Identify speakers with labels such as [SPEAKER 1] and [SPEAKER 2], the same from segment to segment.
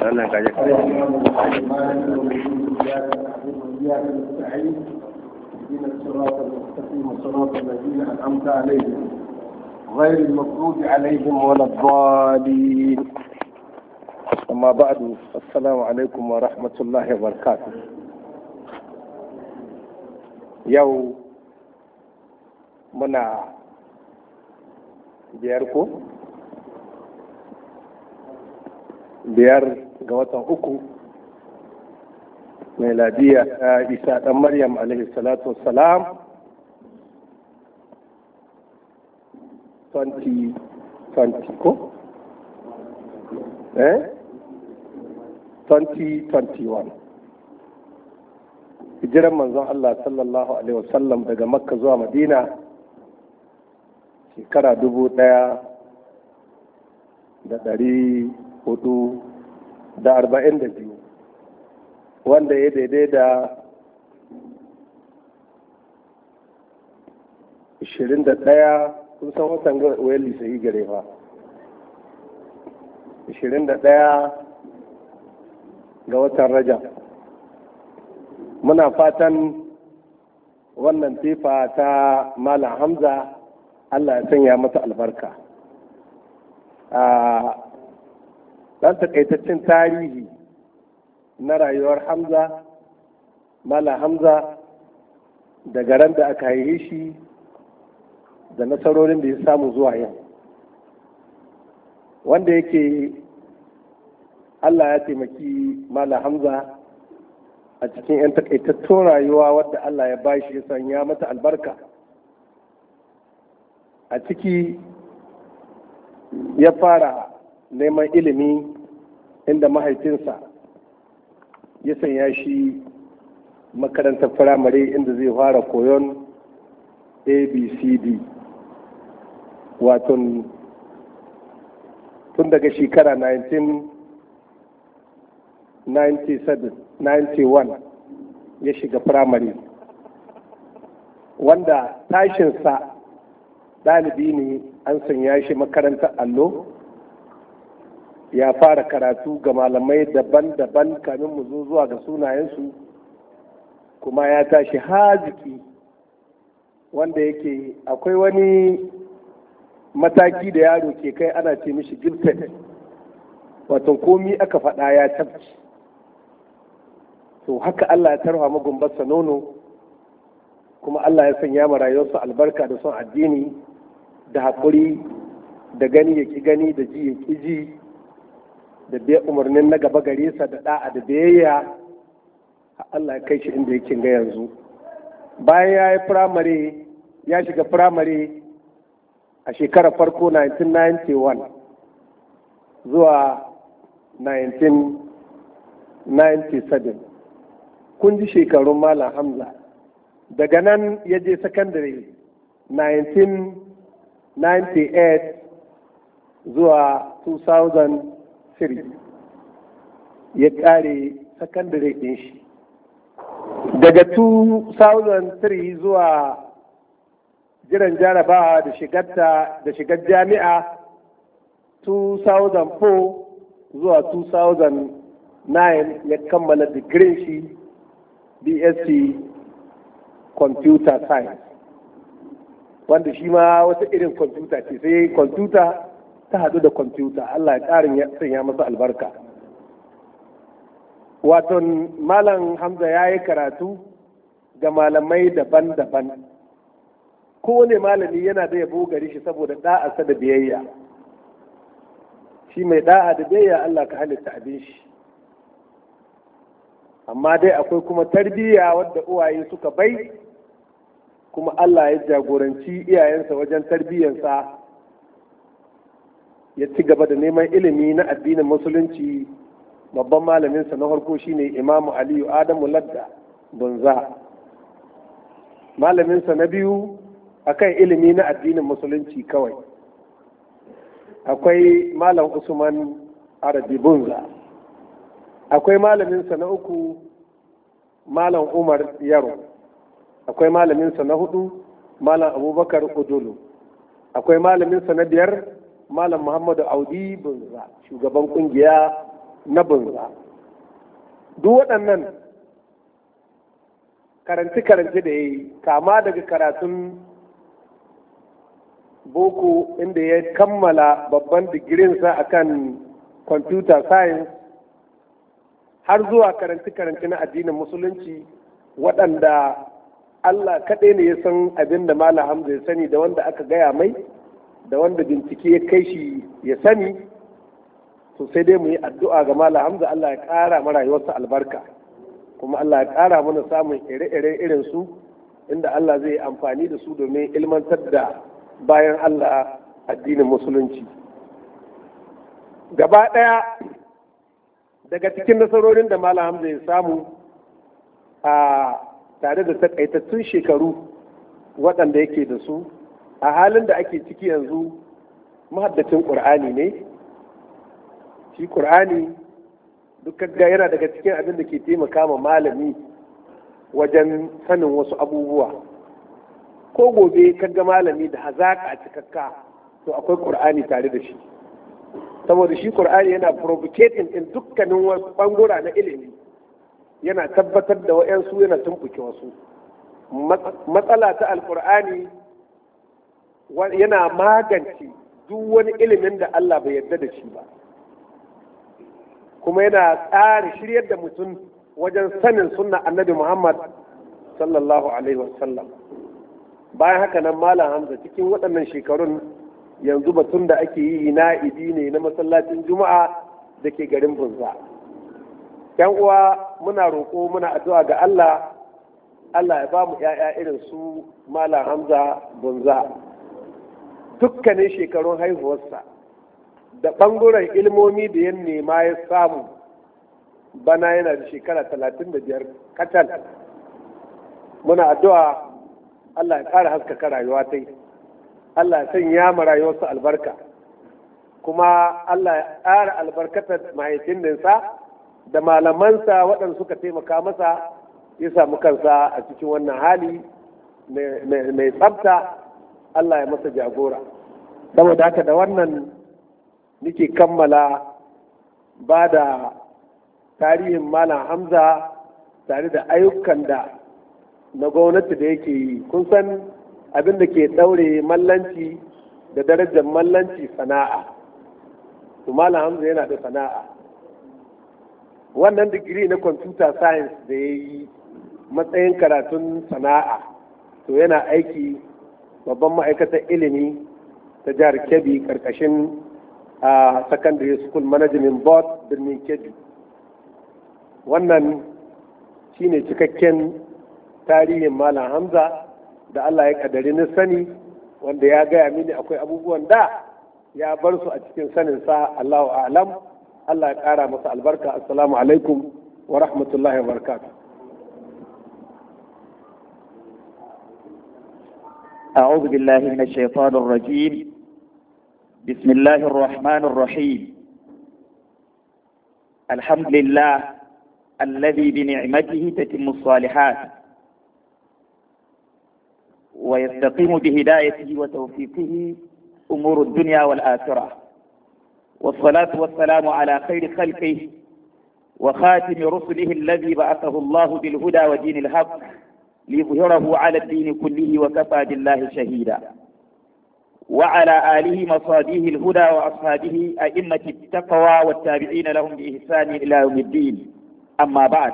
[SPEAKER 1] wannan kaje kaje اهدنا الصراط المستقيم صراط الذين انعمت عليهم غير المغضوب عليهم ولا الضالين اما بعد السلام عليكم ورحمه الله وبركاته يوم منا بياركو biyar ga watan uku mai ladiya ta isa ɗan maryam alaihi salatu wassalam 2020 ko? eh? 2021 hijiran manzon Allah sallallahu alaihi wasallam daga makka zuwa madina shekara dubu ɗaya da ɗari hudu da arba'in da biyu wanda ya daidai da ashirin da daya, kun san watan ga wayar lisayi gare ba ashirin da daya ga watan raja muna fatan wannan tifa ta malam hamza allah ya sanya mata albarka ah, dan takaitaccen tarihi na rayuwar hamza mala hamza da garan da aka haife shi da nasarorin da ya samu zuwa yau wanda yake allah ya taimaki mala hamza a cikin 'yan takaitattun rayuwa wadda allah ya bashi ya sanya mata albarka a ciki ya fara neman ilimi inda mahaifinsa ya sanya shi makarantar firamare inda zai fara koyon abcd waton tun daga shekara 1991 ya shiga firamare wanda tashinsa ɗalibi ne an sanya shi makarantar allo ya fara karatu ga malamai daban-daban kamin mu zo zuwa ga sunayensu kuma ya tashi haziki wanda yake akwai wani mataki da yaro ke kai ana ce mishi gifted wato komi aka faɗa ya tabci to haka Allah ya tarwa magumbarsa nono kuma Allah ya sanya ma rayuwarsa albarka da son addini da haƙuri da gani ya ki gani da ji ya ki ji da bai umarnin na gaba gare sa da da'a da biyayya Allah ya kai shi inda yake ga yanzu bayan ya yi firamare ya shiga firamare a shekarar farko 1991 zuwa 1997 kun ji shekarun malam hamza daga nan ya je sakandare 1998 zuwa 2000 ya kare sakandare ɗin shi daga 2003 zuwa jiran jarabawa da shigarta da shigar jami'a 2004 zuwa 2009 ya kammala digirin shi bsc computer science wanda shi ma wata irin kwamfuta ce sai kwamfuta ta haɗu da kwamfuta Allah ya ƙarin ya sanya masa albarka waton malam hamza ya yi karatu ga malamai daban-daban kowane malami yana da yabo gari shi saboda ɗa'arsa da biyayya shi mai ɗa'a da biyayya Allah ka halitta abin shi amma dai akwai kuma tarbiyya wadda uwaye suka bai kuma Allah ya jagoranci iyayensa wajen tarbiyyansa ya ci gaba da neman ilimi na addinin musulunci babban malaminsa na farko shine imamu aliyu adamu ladda bunza malaminsa na biyu akan ilimi na addinin musulunci kawai akwai malam usman arabi bunza akwai malaminsa na uku malam umar yaro akwai malaminsa na hudu malam abubakar udulu akwai malaminsa na biyar malam muhammadu audi bunza shugaban kungiya na bunza duk waɗannan karanci-karanci da ya yi kama daga karatun boko inda ya kammala babban digirinsa a kan computer science har zuwa karanci-karanci na addinin musulunci waɗanda Allah kaɗai ne ya san abin da Malam Hamza ya sani da wanda aka gaya mai da wanda bincike ya kai shi ya sani to sai dai mu yi addu'a ga Malam Hamza Allah ya ƙara ma rayuwarsa albarka kuma Allah ya kara mana samun ire-ire irin su inda Allah zai amfani da su domin ilmantar da bayan Allah addinin musulunci gaba ɗaya daga cikin nasarorin da Malam Hamza ya samu a tare da takaitattun shekaru waɗanda yake da su a halin da ake ciki yanzu mahaddacin ƙur'ani ne shi ƙur'ani dukkan ga yana daga cikin abin da ke taimaka ma malami wajen sanin wasu abubuwa ko gobe ga malami da hazaƙa cikakka to akwai ƙur'ani tare da shi saboda shi ƙur'ani yana provocating in dukkanin bangura na ilimi yana tabbatar da wa'yansu yana tumbuke wasu matsala ta alƙur'ani yana magance duk wani ilimin da Allah bai yarda da shi ba kuma yana tsari shiryar da mutum wajen sanin sunna annabi Muhammad sallallahu alaihi wasallam bayan haka nan malam Hamza cikin waɗannan shekarun yanzu batun da ake yi na'ibi ne na masallacin juma'a da ke garin bunza yan uwa muna roƙo muna addu'a ga Allah Allah ya ba mu ‘ya'ya irin su Malam Hamza Bunza. dukkanin shekarun haihuwarsa da ɓangaren ilmomi da ya nema ya samu bana yana da shekara talatin da biyar kacal muna addu'a Allah ya ƙara haskaka rayuwa ta yi Allah ya sanya ma rayuwarsa albarka kuma Allah ya ƙara albarkatar mahaifin da malamansa waɗanda suka taimaka masa ya samu kansa a cikin wannan hali mai tsabta Allah ya masa jagora saboda haka da wannan nake kammala ba da tarihin malam hamza tare da ayyukan da na gwamnati da yake yi kun san abin da ke ɗaure mallanci da darajar mallanci sana'a to malam hamza yana da sana'a wannan digiri na computer science da ya yi matsayin karatun sana'a to yana aiki babban ma'aikatar ilimi ta jihar kebbi karkashin a secondary school management board birnin kebbi wannan shine cikakken tarihin malam hamza da allah ya kadari na sani wanda ya gaya mini akwai abubuwan da ya bar su a cikin sanin sa allahu alam allah ya kara masa albarka assalamu alaikum wa rahmatullahi wa barakatuh أعوذ بالله من الشيطان الرجيم
[SPEAKER 2] بسم الله الرحمن الرحيم الحمد لله الذي بنعمته تتم الصالحات ويستقيم بهدايته وتوفيقه أمور الدنيا والآخرة والصلاة والسلام على خير خلقه وخاتم رسله الذي بعثه الله بالهدى ودين الحق ليظهره على الدين كله وكفى بالله شهيدا وعلى آله مصاديه الهدى وأصحابه أئمة التقوى والتابعين لهم بإحسان إلى يوم الدين أما بعد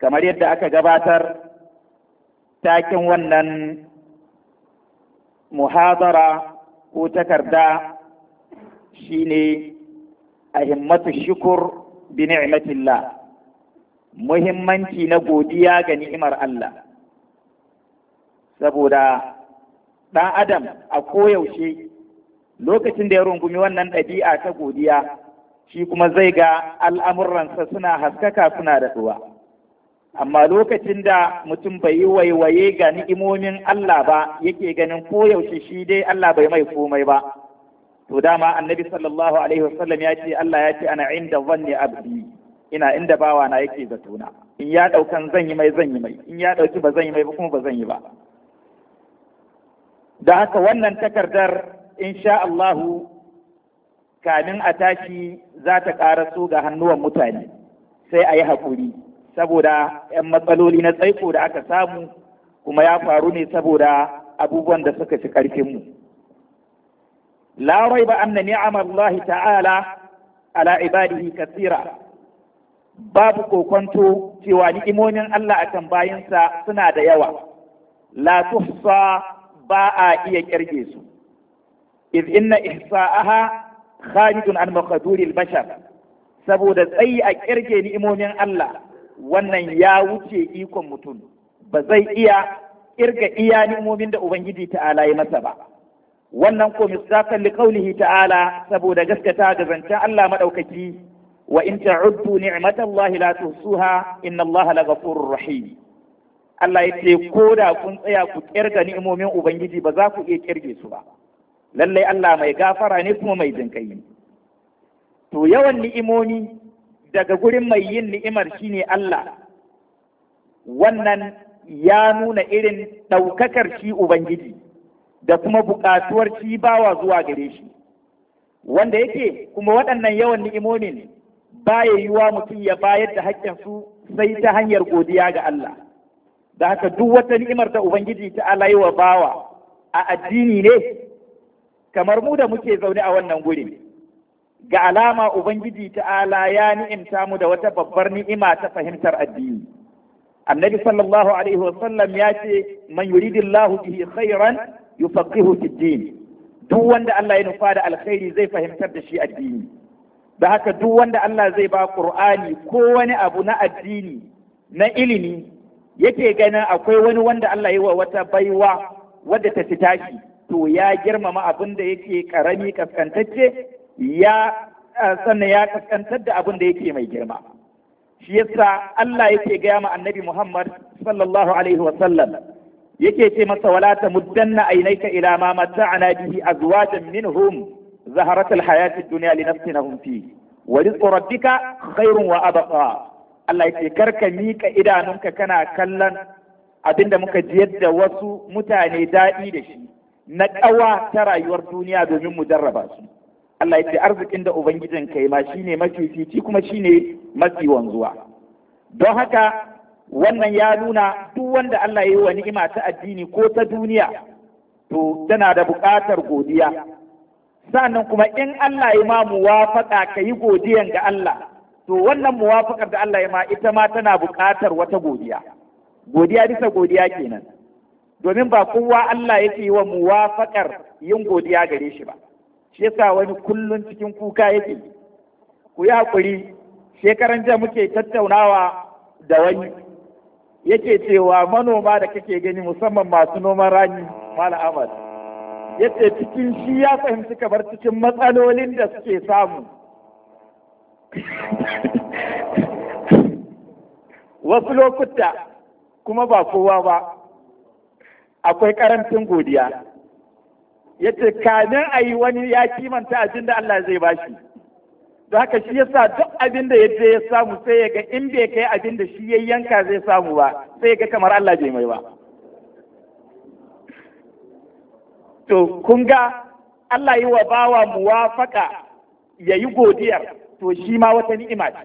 [SPEAKER 2] كما يدعى أكا جباتر تاكن ونن محاضرة وتكردا شيني أهمة الشكر بنعمة الله muhimmanci na godiya ga ni'imar Allah saboda ɗan adam a koyaushe lokacin da ya rungumi wannan ɗabi'a ta godiya shi kuma zai ga al'amuransa suna haskaka suna daɗuwa amma lokacin da mutum bai yi waiwaye ga ni'imomin Allah ba yake ganin koyaushe shi dai Allah bai mai komai ba to dama annabi sallallahu alaihi wasallam ya ce Allah ya ce ana inda zanni abdi ina inda bawa na yake na in ya ɗaukan zan yi mai zan yi mai in ya ɗauki ba zan yi mai ba kuma ba zan yi ba da haka wannan takardar insha Allahu kamin a tashi za ta ƙaraso ga hannuwan mutane sai a yi haƙuri saboda 'yan matsaloli na tsaiko da aka samu kuma ya faru ne saboda abubuwan da suka ci ƙarfinmu. Larai ba anna ni'amar Allah ta'ala ala ibadihi kasira babu kokonto cewa ni'imomin Allah kan bayansa suna da yawa la tuhsa ba a iya ƙirge su iz inna ihsa'aha khalidun an maqduril bashar saboda tsayi a ƙirge ni'imomin Allah wannan ya wuce ikon mutum ba zai iya kirga iya ni'imomin da ubangiji ta'ala ya masa ba wannan ko misdaqan li qawlihi ta'ala saboda gaskata ga zancen Allah madaukaki wa in ta'uddu ni'matallahi la tuhsuha inna allaha laghafurur rahim Allah ya ce ko da kun tsaya ku kirga ni'imomin ubangiji ba za ku iya kirge su ba lallai Allah mai gafara ne kuma mai jinkai ne to yawan ni'imomi daga gurin mai yin ni'imar shine Allah wannan ya nuna irin ɗaukakar shi ubangiji da kuma buƙatuwar shi bawa zuwa gare shi wanda yake kuma waɗannan yawan ni'imomin ba yiwuwa mutum ya bayar da haƙƙinsu sai ta hanyar godiya ga Allah da haka duk wata ni'imar da Ubangiji ta alaiwa bawa a addini ne kamar mu da muke zaune a wannan guri ga alama Ubangiji ta'ala ya ni'imta mu da wata babbar ni'ima ta fahimtar addini annabi sallallahu alaihi wasallam ya ce man yuridillahu bihi khairan
[SPEAKER 3] yufaqihu fid din
[SPEAKER 2] duk wanda Allah ya nufa da alkhairi zai fahimtar da shi addini da haka duk wanda Allah zai ba ƙur'ani ko wani abu na addini na ilimi yake ganin akwai wani wanda Allah yi wa wata baiwa wadda ta ci to ya girmama abin da yake karami kaskantacce ya sannan ya kaskantar da abin da yake mai girma shi yasa Allah yake gaya ma annabi Muhammad sallallahu alaihi wa sallam yake ce masa wala tamuddanna ainaka ila ma mata'ana bihi azwajan minhum zaharat alhayati dunya li nafsinahum fi wa rizqu rabbika khairun wa abqa Allah yake karka mika idanunka kana kallon abinda muka jiyar da wasu mutane daɗi da shi na ƙawa ta rayuwar duniya domin mu jarraba su Allah yake arzikin da ubangijin kai ma shine mafifici kuma shine mafi wanzuwa don haka wannan ya nuna duk wanda Allah ya yi wa ni'ima ta addini ko ta duniya to tana da buƙatar godiya sannan kuma in Allah ya ma muwafaka ka yi godiyan ga Allah to wannan muwafaƙar da Allah ya ma ita ma tana buƙatar wata godiya
[SPEAKER 3] godiya bisa godiya
[SPEAKER 2] kenan domin ba kowa Allah yake yi wa muwafakar yin godiya gare shi ba shi yasa wani kullum cikin kuka yake ku yi hakuri shekaran jiya muke tattaunawa da wani yake cewa
[SPEAKER 3] manoma da kake gani musamman masu noman rani mala Ahmad yace cikin shi ya fahimci kamar cikin matsalolin da suke samu wasu lokuta kuma
[SPEAKER 2] ba kowa ba akwai karancin godiya yace kamin a yi wani ya kimanta abin da Allah zai bashi da haka shi yasa duk abin da yadda ya samu sai ya ga in bai kai abin da shi ya yanka zai samu ba sai ya ga kamar Allah bai mai ba
[SPEAKER 3] to kun ga Allah yi wa bawa muwafaka ya yi godiyar to shi ma wata
[SPEAKER 2] ni'ima ce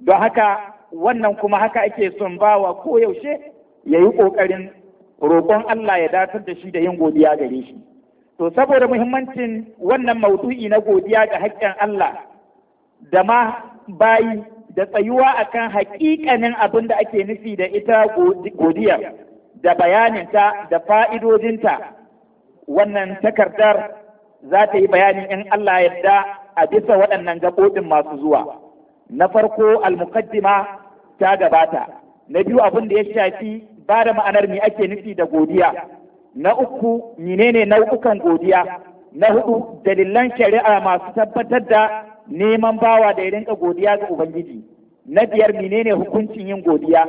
[SPEAKER 2] don haka wannan kuma haka ake son bawa ko yaushe ya yi ƙoƙarin roƙon Allah ya datar da shi da yin godiya gare shi to saboda muhimmancin wannan maudu'i na godiya ga haƙƙin Allah da ma bayi da tsayuwa akan haƙiƙanin abin da ake nufi da ita godiyar da bayaninta da fa'idodinta wannan takardar za ta yi bayani in Allah yadda a bisa waɗannan gaɓoɗin masu zuwa na farko al almukaddima ta gabata na biyu abin da ya shafi ba da ma'anar mi ake nufi da godiya na uku menene nau'ukan godiya na hudu dalilan shari'a masu tabbatar da neman bawa da ya rinka godiya ga ubangiji na biyar menene hukuncin yin godiya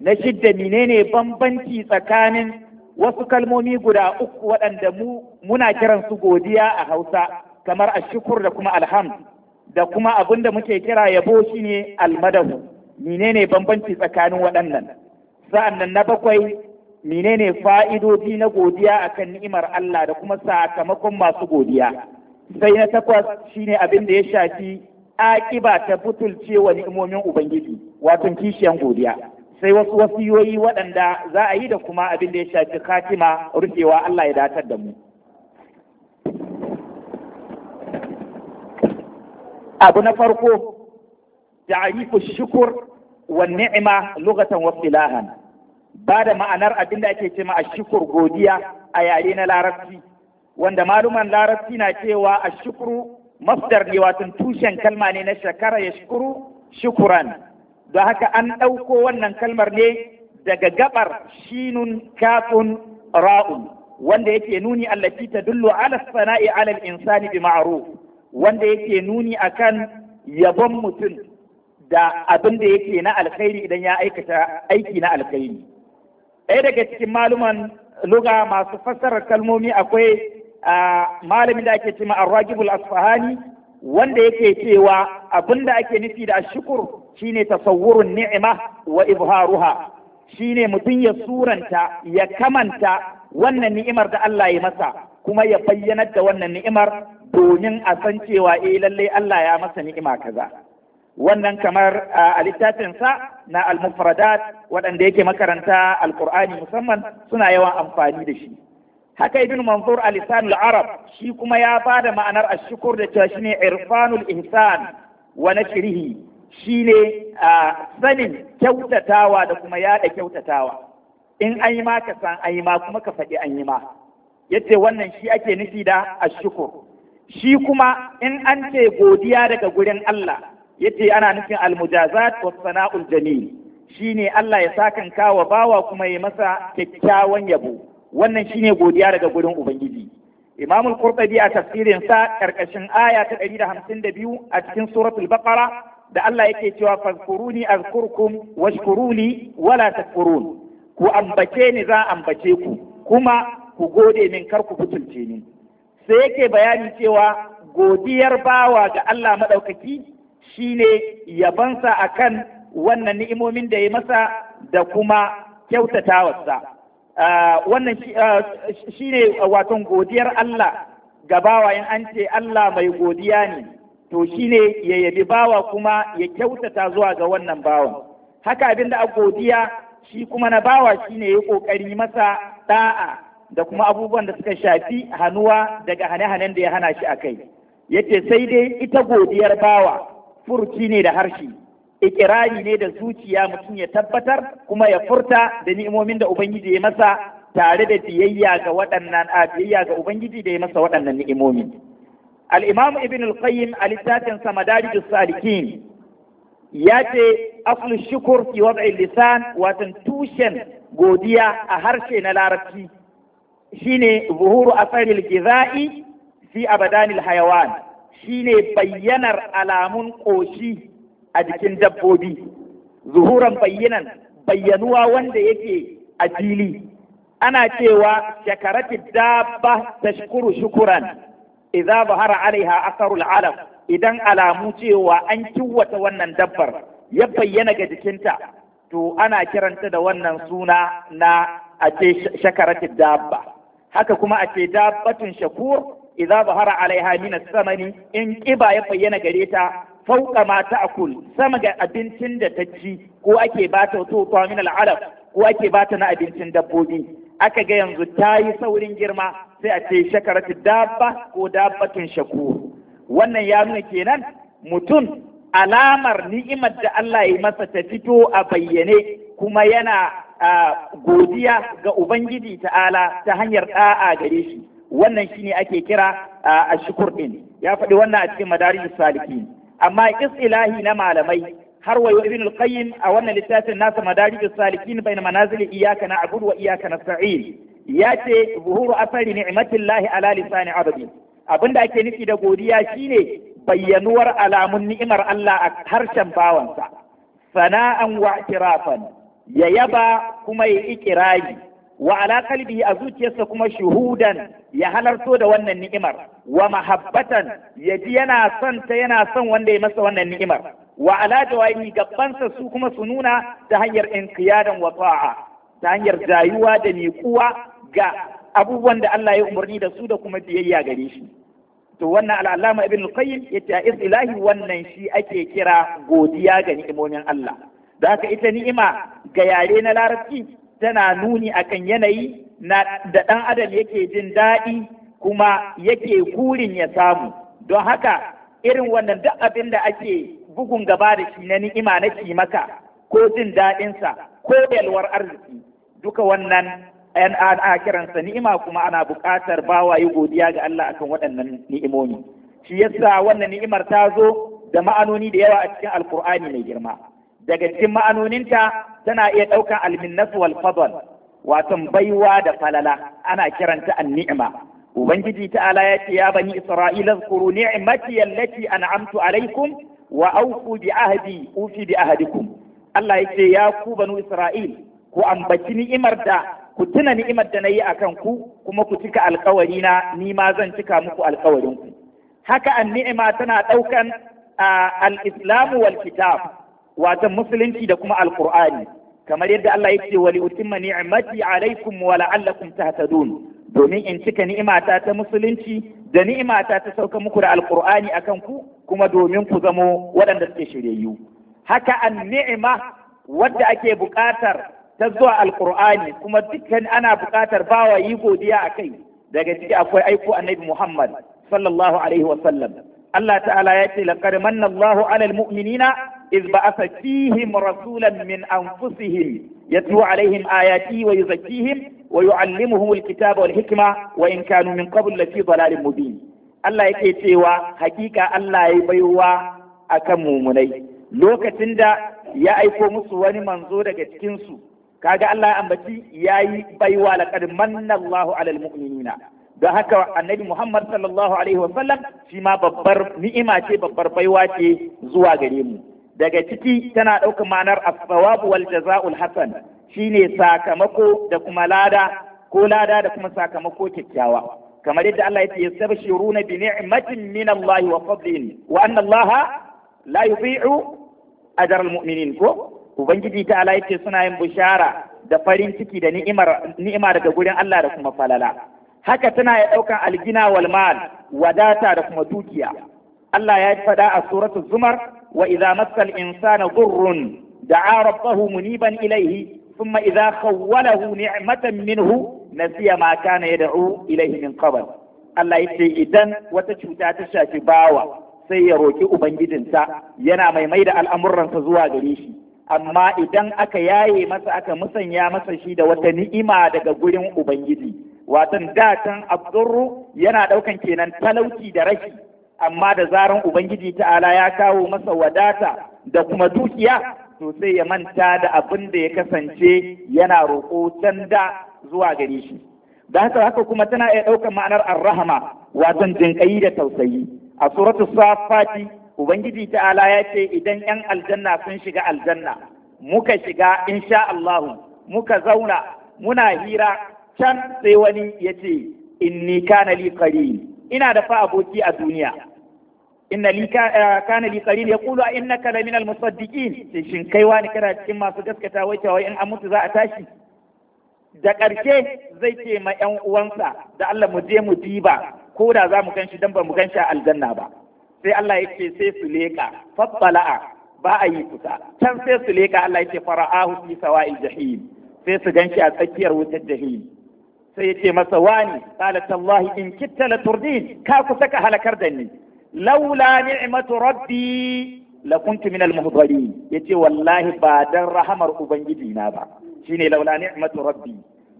[SPEAKER 2] na shidda menene bambanci tsakanin wasu kalmomi guda uku waɗanda mu muna kiran su godiya a Hausa kamar ashukur da kuma alhamd da kuma abin da muke kira yabo shine almadahu menene bambanci tsakanin waɗannan sa'annan na bakwai menene fa'idodi na godiya akan ni'imar Allah da kuma sakamakon masu godiya sai na takwas shine abin da ya shafi aƙiba ta butulcewa ni'imomin ubangiji wato kishiyan godiya sai wasu wasiyoyi waɗanda za a yi da kuma abin da ya shafi katima rufewa Allah ya datar da mu abu na farko ku shukur wa ni'ima lokacin wasu lahan, ba da ma'anar abin da ake a shukur godiya a yare na larabci wanda maluman larabci na cewa shukuru, mafdar ne watan tushen kalma ne na shakara ya shukuru shukuran don haka an ɗauko wannan kalmar ne daga gabar shinun kafin ra'un wanda yake nuni allati tadullu ala sana'i ala al-insani bi ma'ruf wanda yake nuni akan yabon mutum da abin da yake na alkhairi idan ya aikata aiki na alkhairi ɗaya daga cikin maluman luga masu fassarar kalmomi akwai malamin da ake cewa ar asfahani wanda yake cewa abin da ake nufi da shukur. shine tasawwurun ni'ima wa ibharuha shine mutum ya suranta ya kamanta wannan ni'imar da Allah ya masa kuma ya bayyanar da wannan ni'imar domin a san cewa eh lalle Allah ya masa ni'ima kaza wannan kamar a littafin sa na al-mufradat waɗanda yake makaranta Alkur'ani, musamman suna yawan amfani da shi haka ibn manzur a lisanul arab shi kuma ya bada ma'anar ashukur da cewa shine irfanul ihsan wa nashrihi Shi ne a sanin kyautatawa da kuma yada kyautatawa in an yi ma ka san an yi ma kuma ka faɗi an yi ma yace wannan shi ake nufi da ashukur shi kuma in an ce godiya daga gurin Allah yace ana nufin almujazat wa sana'ul jamil ne Allah ya sakan kawa bawa kuma ya masa kyakkyawan yabo wannan shi ne godiya daga gurin ubangiji imamul qurtubi a tafsirin sa karkashin aya ta ɗari da biyu a cikin suratul baqara da Allah yake cewa fazkuruni azkurkum washkuruni wala takfurun ku ambace ni za ambace ku kuma ku gode min kar ku fitulce ni sai yake bayani cewa godiyar bawa ga Allah maɗaukaki shine yabansa akan wannan ni'imomin da ya masa da kuma kyautatawarsa wannan shine waton godiyar Allah ga bawa in an ce Allah mai godiya ne to shi ne ya yabi bawa kuma ya kyautata zuwa ga wannan bawan haka abin da a godiya shi kuma na bawa shi ne ya ƙoƙari masa ɗa'a da kuma abubuwan da suka shafi hannuwa daga hane-hanen da ya hana shi a kai yace sai dai ita godiyar bawa furci ne da harshe ikirari ne da zuciya mutum ya tabbatar kuma ya furta da ni'imomin da ubangiji ya masa tare da biyayya ga waɗannan biyayya ga ubangiji da ya masa waɗannan ni'imomin al-imam ibn a littafin sa salikin ya ce aslu shukur fi wad'i watan tushen godiya a harshe na larabci shine zuhuru asari al-gizai fi abadani al-hayawan shine bayyanar alamun ƙoshi a jikin dabbobi zuhuran bayyanan bayyanuwa wanda yake a fili ana cewa shakaratin dabba ta shukuru shukuran idza bahara alaiha asarul alam idan alamu cewa an kiwata wannan dabbar ya bayyana ga jikinta to ana kiranta da wannan suna na a ce shakaratid dabba haka kuma a ce dabbatun shakur idza bahara alaiha min samani in ƙiba ya bayyana gare ta fauka ma kul sama ga abincin da ta ci ko ake bata wasu ta min al'arab ko ake bata na abincin dabbobi aka ga yanzu ta yi saurin girma sai a ce shakaratu dabba ko dabbatun shaku wannan ya nuna kenan mutum alamar ni'imar da Allah ya masa ta fito a bayyane kuma yana godiya ga Ubangiji ta'ala ta hanyar ɗa'a gare shi wannan shine ake kira a shukur ɗin ya faɗi wannan a cikin madarijus salikin amma ilahi na malamai har wayo ibn al-qayyim a wannan littafin nasa madarijus salikin bayna manazil iyyaka na'budu wa iyyaka nasta'in yace zuhuru asari ni'matillahi ala lisani abdi abinda ake nufi da godiya shine bayyanuwar alamun ni'imar Allah a harshen bawansa sana'an wa i'tirafan ya yaba kuma ya ikirari wa ala qalbihi a zuciyarsa kuma shuhudan ya halarto da wannan ni'imar wa mahabbatan ya ji yana son ta yana son wanda ya masa wannan ni'imar wa ala jawahi gabansa su kuma su nuna ta hanyar inqiyadan wa ta'a ta hanyar jayuwa da nikuwa ga abubuwan da Allah ya umarni da su da kuma biyayya gare shi to wannan al'allama ibn al-qayyim yace a ilahi wannan shi ake kira godiya ga ni'imomin Allah da haka ita ni'ima ga yare na larabci tana nuni akan yanayi na da dan adam yake jin daɗi kuma yake kurin ya samu don haka irin wannan duk abin da ake bugun gaba da shi na ni'ima na maka ko jin daɗinsa ko yalwar arziki duka wannan ‘yan ana kiransa ni'ima kuma ana buƙatar bawa yi godiya ga Allah akan waɗannan ni'imomi shi yasa wannan ni'imar ta zo da ma'anoni da yawa a cikin alkur'ani mai girma daga cikin ma'anoninta tana iya ɗaukar alminnatu wal fadl watan baiwa da falala ana kiranta an-ni'ima ubangiji Ala ya ce ya bani isra'ila zkuru ni'mati allati an'amtu alaikum wa aufu bi ahdi ufi bi ahadikum Allah yake ya ku banu Isra'il ku ambaci ni'imar da ku tuna ni'imar da nayi akan ku kuma ku cika alkawari na ni ma zan cika muku alkawarin ku haka an ni'ima tana daukan al-islam wal kitab watan musulunci da kuma alqur'ani kamar yadda Allah ya ce wali utimma ni'mati alaikum wa la'allakum tahtadun domin in cika ni'imata ta musulunci da ni'imata ta sauka muku da alqur'ani akan ku kuma domin ku zamo waɗanda suke shiryayyu haka an ni'ima wadda ake buƙatar ta zuwa alqur'ani kuma dukkan ana buƙatar bawa yi godiya akai daga ciki akwai aiko annabi Muhammad sallallahu alaihi wa sallam Allah ta'ala ya ce laqad manna Allahu 'alal mu'minina إذ بعث فيهم رسولا من أنفسهم يتلو عليهم آياتي ويزكيهم ويعلمهم الكتاب والحكمة وإن كانوا من قبل لفي ضلال مبين الله يكي تيوا حقيقة الله يبيوا أكم مؤمني لوكا تندا يا أيكو مسواني منظورة كتكنسو كاجا الله أمبتي يا بيوا لقد من الله على المؤمنين da haka annabi Muhammad sallallahu alaihi wasallam shi ma babbar ni'ima ce babbar baiwa ce zuwa gare mu daga ciki tana ɗauka ma'anar as-sawabu wal jaza'ul hasan shine sakamako da kuma lada ko lada da kuma sakamako kyakkyawa kamar yadda Allah ya ce yastabshiruna bi ni'matin min Allah wa fadlin wa anna Allah la yudhi'u ajra al-mu'minin ko ubangiji ta Allah ya ce suna yin bishara da farin ciki da ni'imar ni'ima daga gurin Allah da kuma falala haka tana ya ɗaukan algina wal mal wadata da kuma dukiya Allah ya faɗa a suratul zumar وإذا مس الإنسان ضر دعا ربه منيبا إليه ثم إذا خوله نعمة منه نسي ما كان يدعو إليه من قبل Allah ya ce idan wata cuta ta shafi bawa sai ya roki Ubangijinsa yana mai mai da al'amuransa zuwa gare shi, amma idan aka yaye masa aka musanya masa shi da wata ni'ima daga gurin Ubangiji, wasan datan abdurru yana ɗaukan kenan talauci da rashi amma da zaran ubangiji ta'ala ya kawo masa wadata da kuma dukiya to sai ya manta da abin da ya kasance yana roƙo can da zuwa gare shi da haka haka kuma tana iya ɗaukar ma'anar arrahama wato jinƙayi da tausayi a suratu safati ubangiji ta'ala ya ce idan yan aljanna sun shiga aljanna muka shiga insha Allah muka zauna muna hira can sai wani ya ce inni kana li ina da fa aboki a duniya inna li eh, kana li qarin yaqulu innaka la min al musaddiqin shin kai wani kana cikin masu gaskata wai cewa in an mutu za a tashi da karshe zai ce ma ƴan uwansa da Allah mu je mu diba ko da za mu ganshi dan ba mu ganshi a aljanna ba sai Allah ya ce sai su leka fattala'a ba a yi kusa can sai su leka Allah ya ce fara'ahu fi sawa'il jahim sai su ganshi a tsakiyar wutar jahim sai ya ce masa wani qala Allah in kitta la turdin ka ku saka halakar da ni laula ni'matu rabbi la kuntu minal muhdharin yace wallahi ba dan rahamar ubangiji na ba shine laula ni'matu rabbi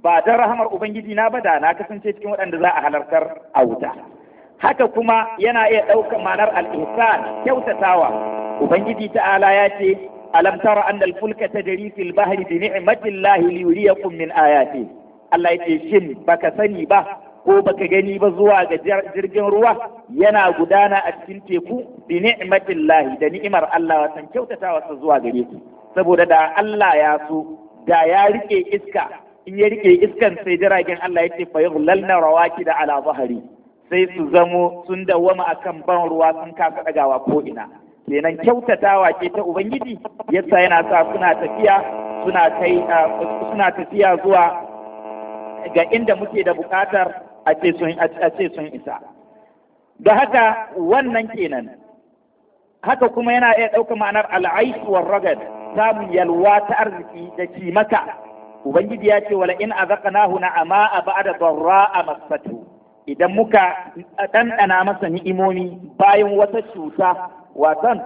[SPEAKER 2] ba dan rahamar ubangiji na ba da na kasance cikin waɗanda za a halartar a wuta haka kuma yana iya ɗaukar ma'anar al-ihsan kyautatawa ubangiji ta'ala ya ce alam tara annal fulka tajri fil bahri bi ni'matillahi liyuriyakum min ayati Allah ya ce shin baka sani ba ko baka gani ba zuwa ga jirgin ruwa yana gudana a cikin teku bi lahi, da ni'imar Allah wa san kyautatawa sa zuwa gare ku saboda da Allah ya so da ya rike iska in ya rike iskan sai jiragen Allah yake fa yughlalna rawakida ala zahari sai su zamo sun dawwama akan ban ruwa sun kasa dagawa ko ina kenan kyautatawa ke ta ubangiji yasa yana sa suna tafiya suna kai suna tafiya zuwa ga inda muke da bukatar a ce sun isa da haka wannan kenan haka kuma yana iya ɗauka ma'anar al'aisuwar ragad samun yalwa ta arziki da kimaka ubangiji ya ce wala in a a na ba da ba'da a masatu idan muka ɗanɗana masa ni'imomi bayan wata cuta watan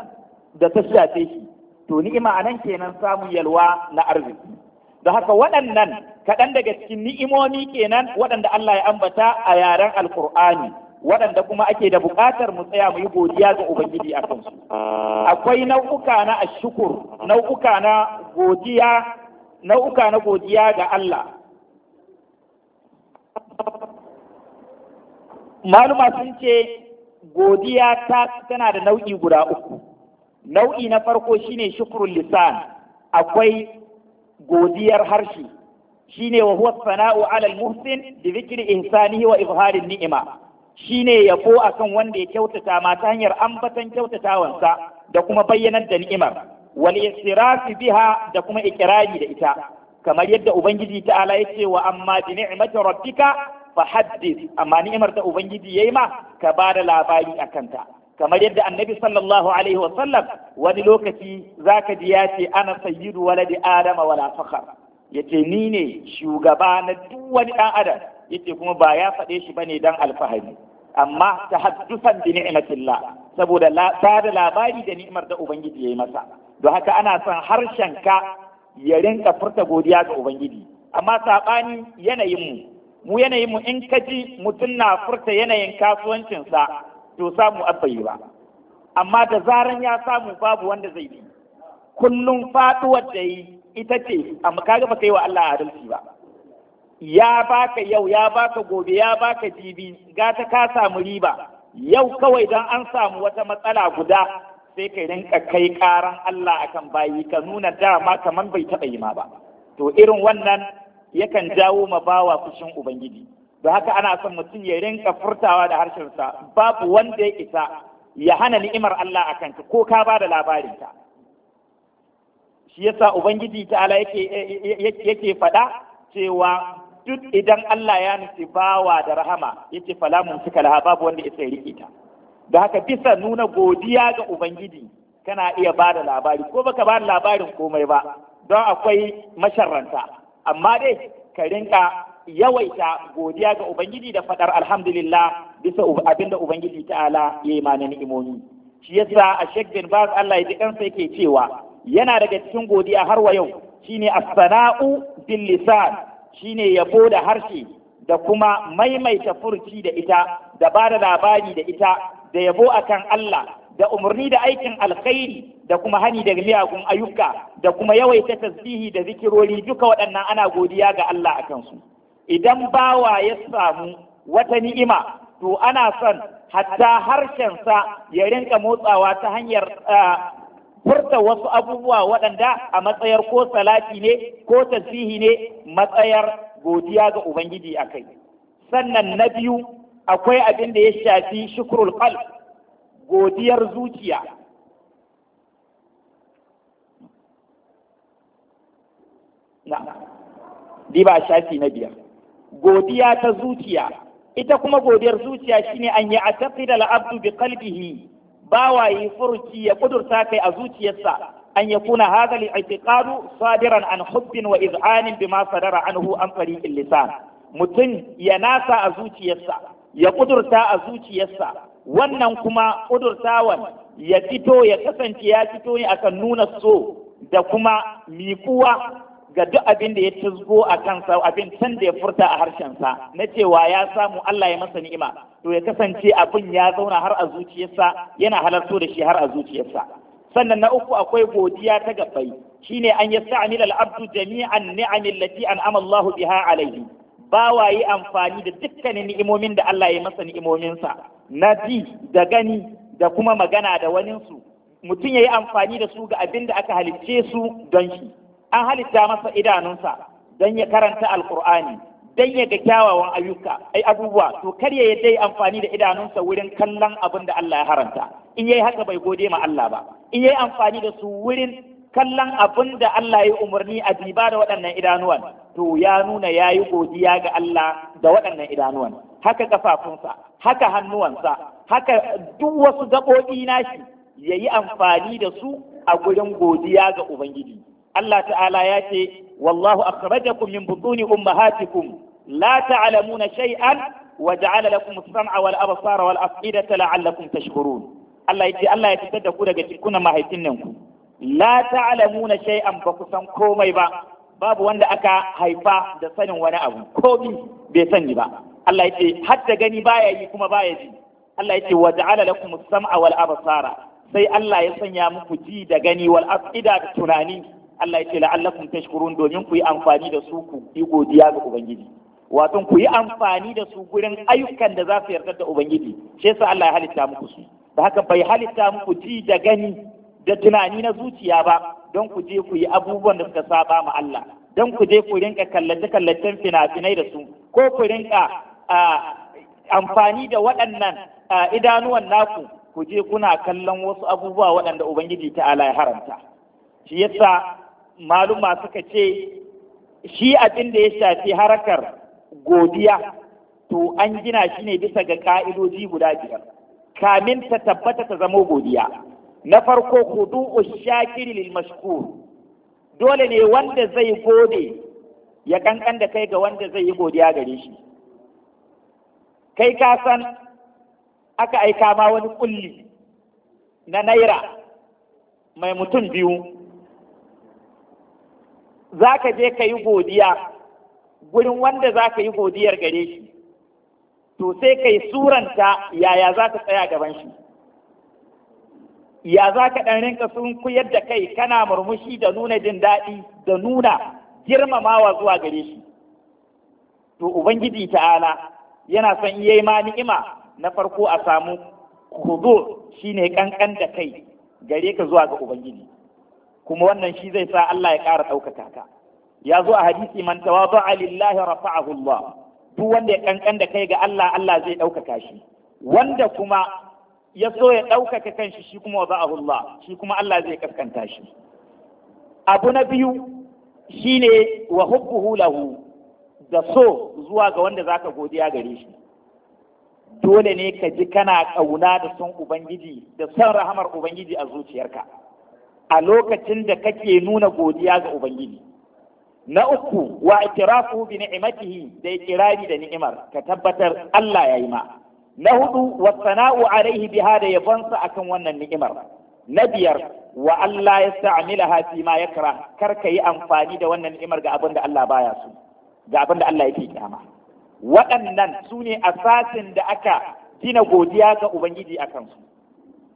[SPEAKER 2] da ta shafe shi to ni'ima nan kenan samun yalwa na arziki da haka waɗannan kaɗan daga cikin ni'imomi kenan waɗanda Allah ya ambata a yaren alkur'ani waɗanda kuma ake da buƙatar mu tsaya mu yi godiya ga ubangiji a kansu akwai nau'uka na ashukur nau'uka na godiya nau'uka na godiya ga Allah maluma sun ce godiya ta tana da nau'i guda uku nau'i na farko shine shukrul lisan akwai godiyar harshe shine wa huwa sana'u alal muhsin da dhikri ihsanihi wa izharin ni'ima shine yabo akan wanda ya kyautata ma ta hanyar ambatan kyautatawansa da kuma bayyanar da ni'imar wal istirafi biha da kuma ikirari da ita kamar yadda ubangiji ta'ala ya ce wa amma bi ni'mati rabbika fa haddith amma ni'imar da ubangiji yayi ma ka ba da labari akan ta kamar yadda annabi sallallahu alaihi wasallam wani lokaci zaka ji ya ce ana sayyidu di adama wala ya yace ni ne shugaba na duk wani dan adam yace kuma ba ya faɗe shi bane dan alfahari amma tahaddusan bi ni'matillah saboda da labari da ni'mar da ubangiji yayi masa don haka ana son harshen ka ya rinka furta godiya ga ubangiji amma sabani yanayin mu mu yanayin mu in ka ji mutum na furta yanayin kasuwancinsa to samu abbayi ba amma da zaran ya samu babu wanda zai bi kullum faduwar da yi ita ce amma kaga ba kai wa Allah adalci ba ya baka yau ya baka gobe ya baka jibi ga ta ka samu riba yau kawai dan an samu wata matsala guda sai ka rinka kai karan Allah akan bayi ka nuna dama kaman bai taɓa yi ma ba to irin wannan yakan jawo ma bawa fushin ubangiji da haka ana son mutum ya rinka furtawa da harshensa babu wanda ya isa ya hana ni'imar Allah a kanka ko ka ba da labarinta shi yasa ubangiji ta'ala yake yake faɗa cewa duk idan Allah ya nufi bawa da rahama yace fala mun suka laha babu wanda ya rike ta da haka bisa nuna godiya ga ubangiji kana iya ba da labari ko baka ba da labarin komai ba don akwai masharranta amma dai ka rinka yawaita godiya ga ubangiji da faɗar alhamdulillah bisa abinda ubangiji ta'ala ya yi mana ni'imomi shi yasa a bin ba Allah ya ji kansa yake cewa yana daga cikin godiya har wa yau shine as-sana'u bil lisan shine yabo da harshe da kuma maimaita furci da ita da ba da labari da ita da yabo akan Allah da umarni da aikin alkhairi da kuma hani da miyagun ayyuka da kuma yawaita tasbihi da zikirori duka waɗannan ana godiya ga Allah akan su idan bawa ya samu wata ni'ima to ana son hatta harshen sa ya rinka motsawa ta hanyar furta wasu abubuwa waɗanda a matsayar ko salati ne ko tasbihi ne matsayar godiya ga Ubangiji a kai. Sannan na biyu akwai abin da ya shafi shukrul qalb godiyar zuciya. Na, di ba shafi na biyar. godiya ta zuciya ita kuma godiyar zuciya shine an yi a taqida al'abdu bi qalbihi bawa yi furuci ya kudurta kai a zuciyarsa an kuna hadha al-i'tiqadu sadiran an hubbin wa iz'anin bima sadara anhu an fariqil lisan mutum ya nasa a zuciyarsa ya kudurta a zuciyarsa wannan kuma kudurtawan ya fito ya kasance ya fito ne akan nuna so da kuma miƙuwa ga duk abin da ya cizgo a kansa abin can da ya furta a harshensa na cewa ya samu Allah ya masa ni'ima to ya kasance abin ya zauna har a zuciyarsa yana halarto da shi har a zuciyarsa sannan na uku akwai godiya ta gabbai shine an yasta'mil al-abdu jami'an ni'amil lati an'ama Allah biha alayhi bawa yi amfani da dukkanin ni'imomin da Allah ya masa ni'imominsa na ji da gani da kuma magana da waninsu mutum ya yi amfani da su ga abin da aka halicce su don shi an halitta masa idanunsa don ya karanta alkur'ani don ya ga kyawawan ayyuka ai abubuwa to kar ya yi amfani da idanunsa wurin kallon abin da Allah ya haranta in yayi haka bai gode ma Allah ba in yayi amfani da su wurin kallon abin da Allah ya umarni a diba da waɗannan idanuwan to ya nuna yayi godiya ga Allah da waɗannan idanuwan haka kafafunsa haka hannuwansa haka duk wasu gaɓoɓi nashi yayi amfani da su a gurin godiya ga Ubangiji Allah ta'ala ya ce wallahu akhrajakum min butuni ummahatikum la ta'lamuna shay'an wa ja'ala lakum as-sam'a wal absara wal af'idata la'allakum tashkurun Allah ya ce Allah ya fitar da ku daga cikin mahaifin nan ku la ta'lamuna shay'an ba ku san komai ba babu wanda aka haifa da sanin wani abu komi bai sani ba Allah ya ce hatta gani baya yi kuma baya ji Allah ya ce wa ja'ala lakum as-sam'a wal absara sai Allah ya sanya muku ji da gani wal af'ida da tunani Allah ya ce la'allakum tashkurun domin ku yi amfani da su ku yi godiya ga ubangiji wato ku yi amfani da su gurin ayyukan da za su yarda da ubangiji shi yasa Allah ya halitta muku su da haka bai halitta muku ji da gani da tunani na zuciya ba don ku je ku yi abubuwan da suka saba ma Allah don ku je ku rinka kallace kallacen fina-finai da su ko ku rinka amfani da waɗannan idanuwan naku ku je kuna kallon wasu abubuwa waɗanda ubangiji ta'ala ya haramta shi yasa maluma suka ce shi abin da ya shafi harakar godiya to an gina shi ne bisa ga ka'idoji guda biyar kamin ta tabbata ta zamo godiya na farko hudu'u shakiri lil mashkur dole ne wanda zai gode ya kankan da kai ga wanda zai yi godiya gare shi kai ka san aka aika ma wani kulli na naira mai mutum biyu za ka je ka yi godiya gurin wanda za ka yi godiyar gare shi to sai ka yi suranta yaya za ka tsaya gaban shi ya za ka ɗan rinka kuyar da kai kana murmushi da nuna jin daɗi da nuna girmamawa zuwa gare shi to ubangiji ta'ala yana son iya yi ma ni'ima na farko a samu shi shine ƙanƙan da kai gare ka zuwa ga ubangiji kuma wannan shi zai sa Allah ya ƙara ɗaukaka ka ya zo a hadisi man tawadu'a lillahi rafa'ahu Allah duk wanda ya kankan da kai ga Allah Allah zai ɗaukaka shi wanda kuma ya so ya ɗaukaka kanshi shi kuma wada'ahu Allah shi kuma Allah zai kaskanta shi abu na biyu shine wa hubbuhu lahu da so zuwa ga wanda zaka godiya gare shi dole ne ka ji kana ƙauna da son ubangiji da son rahamar ubangiji a zuciyarka a lokacin da kake nuna godiya ga ubangiji na uku wa ikirafu bi ni'matihi da ikirari da ni'imar ka tabbatar Allah yayi ma na hudu wa sana'u alaihi biha da yabansa akan wannan ni'imar na biyar wa Allah ya sta'amilaha hafi ma kira kar ka yi amfani da wannan ni'imar ga abin da Allah baya so ga abin da Allah kyama waɗannan su ne asasin da aka gina godiya ga Ubangiji a kansu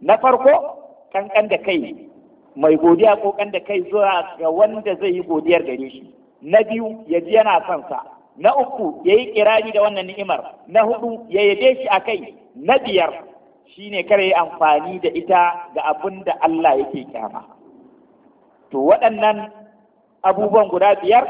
[SPEAKER 2] na farko kankan da kai
[SPEAKER 3] mai godiya
[SPEAKER 2] ko da kai zuwa ga wanda zai yi godiyar gare shi na biyu ya ji yana son sa na uku ya yi kirari da wannan ni'imar na hudu ya yade shi a kai na biyar shi ne kare amfani da ita ga abin da Allah yake kyama to waɗannan abubuwan guda biyar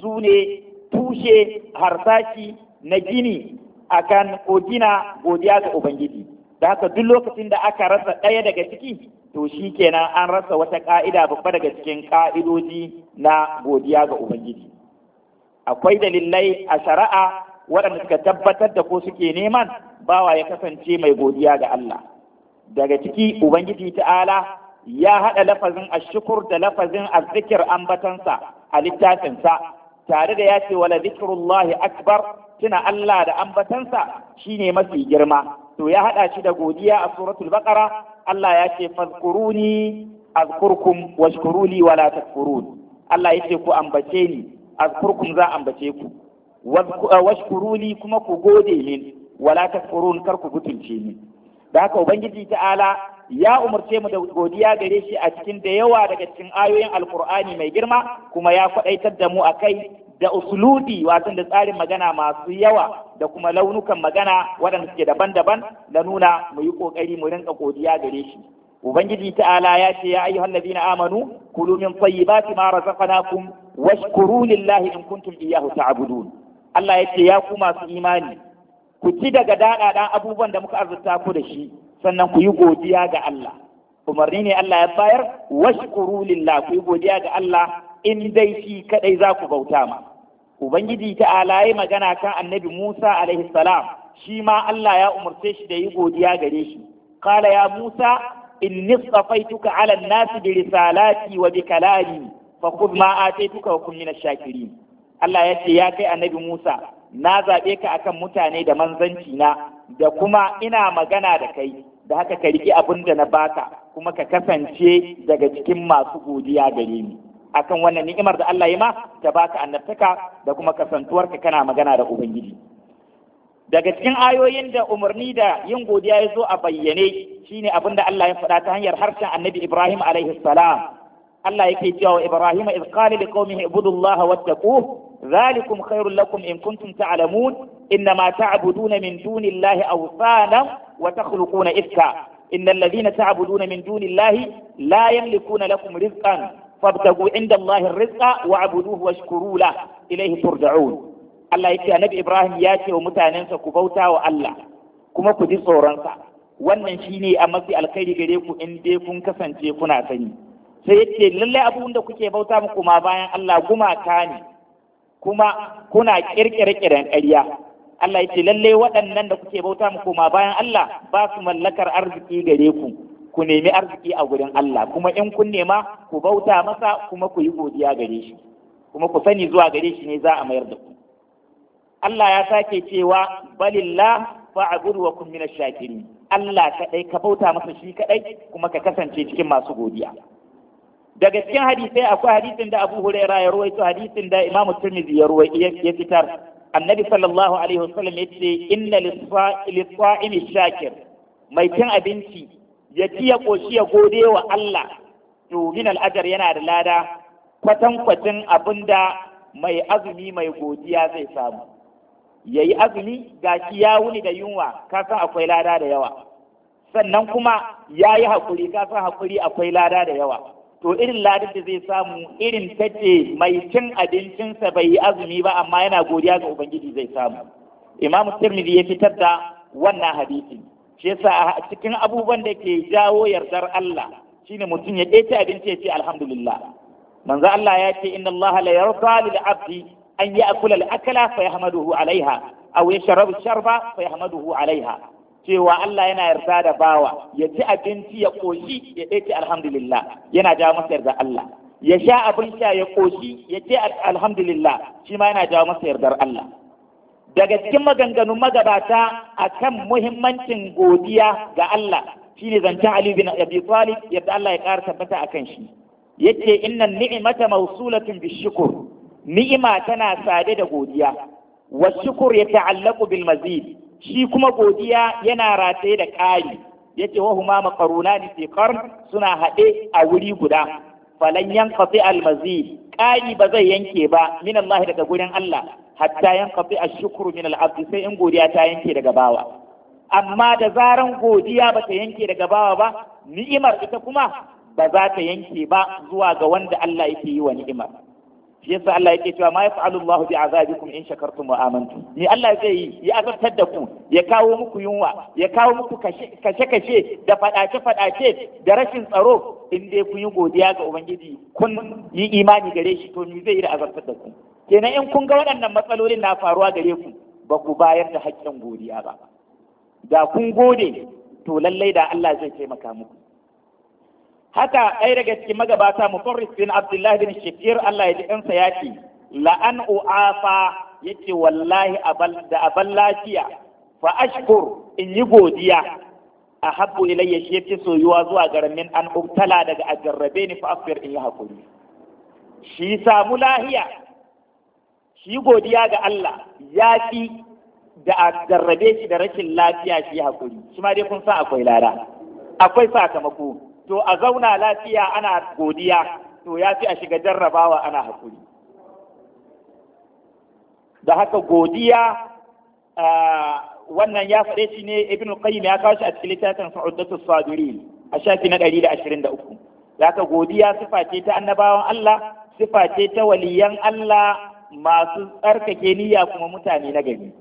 [SPEAKER 2] su ne tushe harsashi na gini akan ko gina godiya ga Ubangiji da haka duk lokacin da aka rasa ɗaya daga ciki to shi kenan an rasa wata ƙa'ida babba daga cikin ƙa'idoji na godiya ga Ubangiji. Akwai dalilai a shari'a waɗanda suka tabbatar da ko suke neman bawa ya kasance mai godiya ga Allah. Daga ciki Ubangiji ta'ala ya haɗa lafazin ashukur da lafazin azzikir ambatansa a littafinsa tare da ya ce wala zikrullahi akbar tuna Allah da ambatansa shine mafi girma to ya haɗa shi da godiya a suratul baqara Allah ya ce fadkuruni azkurkum washkuruli wala takfurun Allah ya ce ku ambace ni azkurkum za ambace ku eh, washkuruli kuma ku gode min wala takfurun kar ku butulce ni da haka ubangiji ta'ala ya umarce mu da godiya gare shi a cikin da yawa daga cikin ayoyin alkur'ani mai girma kuma ya faɗaitar da mu a kai da usuludi wato da tsarin magana masu yawa da kuma launukan magana waɗanda suke daban-daban da nuna mu yi ƙoƙari mu rinka godiya gare shi ubangiji ta'ala ya ce ya ayyuhal ladina amanu kulu min tayyibati ma razaqnakum washkuru lillahi in kuntum iyyahu ta'budun Allah ya ce ya ku masu imani ku ci daga daɗaɗan abubuwan da muka arzuta ku da shi sannan ku yi godiya ga Allah umarni ne Allah ya bayar washkuru lillah ku yi godiya ga Allah in dai shi kadai za ku bauta ma ubangiji ta'ala yi magana kan annabi Musa alaihi salam shi ma Allah ya umarce shi da yi godiya gare shi Kale ya Musa inni safaituka ala an-nasi bi risalati wa bi kalami fa khudh ma ataituka wa kun min ash Allah ya ce ya kai annabi Musa na zaɓe ka akan mutane da manzanci na da kuma ina magana da kai da haka ka riƙi abin da na baka kuma ka kasance daga cikin masu godiya gare ni akan wannan ni'imar da Allah ya ma ta baka annabtaka da kuma kasantuwarka kana magana da ubangiji daga cikin ayoyin da umarni da yin godiya ya zo a bayyane shine abin da Allah ya faɗa ta hanyar harshen annabi Ibrahim alaihi salam Allah yake cewa wa Ibrahim iz qala liqaumihi ibudullaha wattaquh ذلكم خير لكم إن كنتم تعلمون إنما تعبدون من دون الله أوثانا وتخلقون إفكا إن الذين تعبدون من دون الله لا يملكون لكم رزقا fabtagu inda Allah rizqa wa abuduhu washkuru la ilaihi turja'un Allah yace Annabi Ibrahim ya ce wa mutanensa ku bauta wa Allah kuma ku ji wannan shine a mafi alkhairi gare ku in dai kun kasance kuna sani sai yace lallai abubuwan da kuke bauta muku ma bayan Allah gumaka ne kuma kuna kirkire kiran ƙarya Allah yace lallai waɗannan da kuke bauta muku ma bayan Allah ba su mallakar arziki gare ku ku nemi arziki a gurin Allah kuma in kun nema ku bauta masa kuma ku yi godiya gare shi kuma ku sani zuwa gare shi ne za a mayar da ku Allah ya sake cewa balillah fa'bud wa kun minash shakirin Allah kadai ka bauta masa shi kadai kuma ka kasance cikin masu godiya daga cikin hadisai akwai hadisin da Abu Huraira ya ruwaito hadisin da Imam Tirmidhi ya ya fitar annabi sallallahu alaihi wasallam yace inna lis-sa'imi shakir mai cin abinci ya ci ya ƙoshi ya gode wa Allah to min al'ajar yana da lada kwatankwacin abin da mai azumi mai godiya zai samu ya yi azumi ga shi ya wuni da yunwa ka san akwai lada da yawa sannan kuma ya yi haƙuri ka san haƙuri akwai lada da yawa to irin ladar da zai samu irin tace mai cin abincinsa bai yi azumi ba amma yana godiya ga ubangiji zai samu imam tirmidhi ya fitar da wannan hadisi shi yasa cikin abubuwan da ke jawo yardar Allah shine mutum ya ɗece abinci ya ce alhamdulillah manzo Allah ya ce inna Allah la yarda lil abdi an ya'kula al akla fa yahmaduhu alaiha aw yashrabu sharba fa yahmaduhu alaiha cewa Allah yana yarda da bawa ya ci abinci ya koshi ya ɗece alhamdulillah yana jawo masa yarda Allah ya sha abin sha ya koshi ya ce alhamdulillah shi ma yana jawo masa yardar Allah daga cikin maganganun magabata akan muhimmancin godiya ga Allah shine zancen Ali bin Abi Talib yadda Allah ya ƙara tabbata akan shi yace innan ni'mata mawsulatun bishukr ni'ima tana sade da godiya wa ya yata'allaqu bil mazid shi kuma godiya yana rataye da ƙari yace wa huma maqarunani fi qarn suna haɗe a wuri guda falan yanqati almazi ƙari ba zai yanke ba min Allah daga gurin Allah hatta yanqati ashkuru min al'abd sai in godiya ta yanke daga bawa amma da zaran godiya ba ta yanke daga bawa ba ni'imar ita kuma ba za ta yanke ba zuwa ga wanda Allah yake yi wa ni'imar shi yasa Allah yake cewa ma yaf'alu Allahu bi azabikum in shakartum wa amantum ni Allah zai yi ya azabtar da ku ya kawo muku yunwa ya kawo muku kashe kashe da faɗace-faɗace, da rashin tsaro in dai kun yi godiya ga ubangiji kun yi imani gare shi to zai yi da azabtar da ku kenan in kun ga waɗannan matsalolin na faruwa gare ku ba ku bayar da haƙƙin godiya ba da kun gode to lallai da Allah zai taimaka muku haka ai daga cikin magabata mufarris bin abdullahi bin shakir Allah ya ji ɗansa ya ce la'an u'afa ya ce wallahi da aban lafiya fa ashkur in yi godiya a habbu ilayya shi yafi soyuwa zuwa garamin an ubtala daga a jarrabe ni fa afir in yi hakuri shi samu lahiya shi godiya ga Allah ya fi da a jarrabe shi da rashin lafiya shi hakuri shi dai kun san akwai lada akwai sakamako to a zauna lafiya ana godiya to ya fi a shiga jarrabawa ana hakuri. da haka godiya wannan ya faɗe shi ne ibn qayyim ya kawo shi a cikin littafin sa'udatu sadirin a shafi na 123 haka godiya sifa ce ta annabawan Allah sifa ce ta waliyan Allah masu tsarkake niyya kuma mutane na gari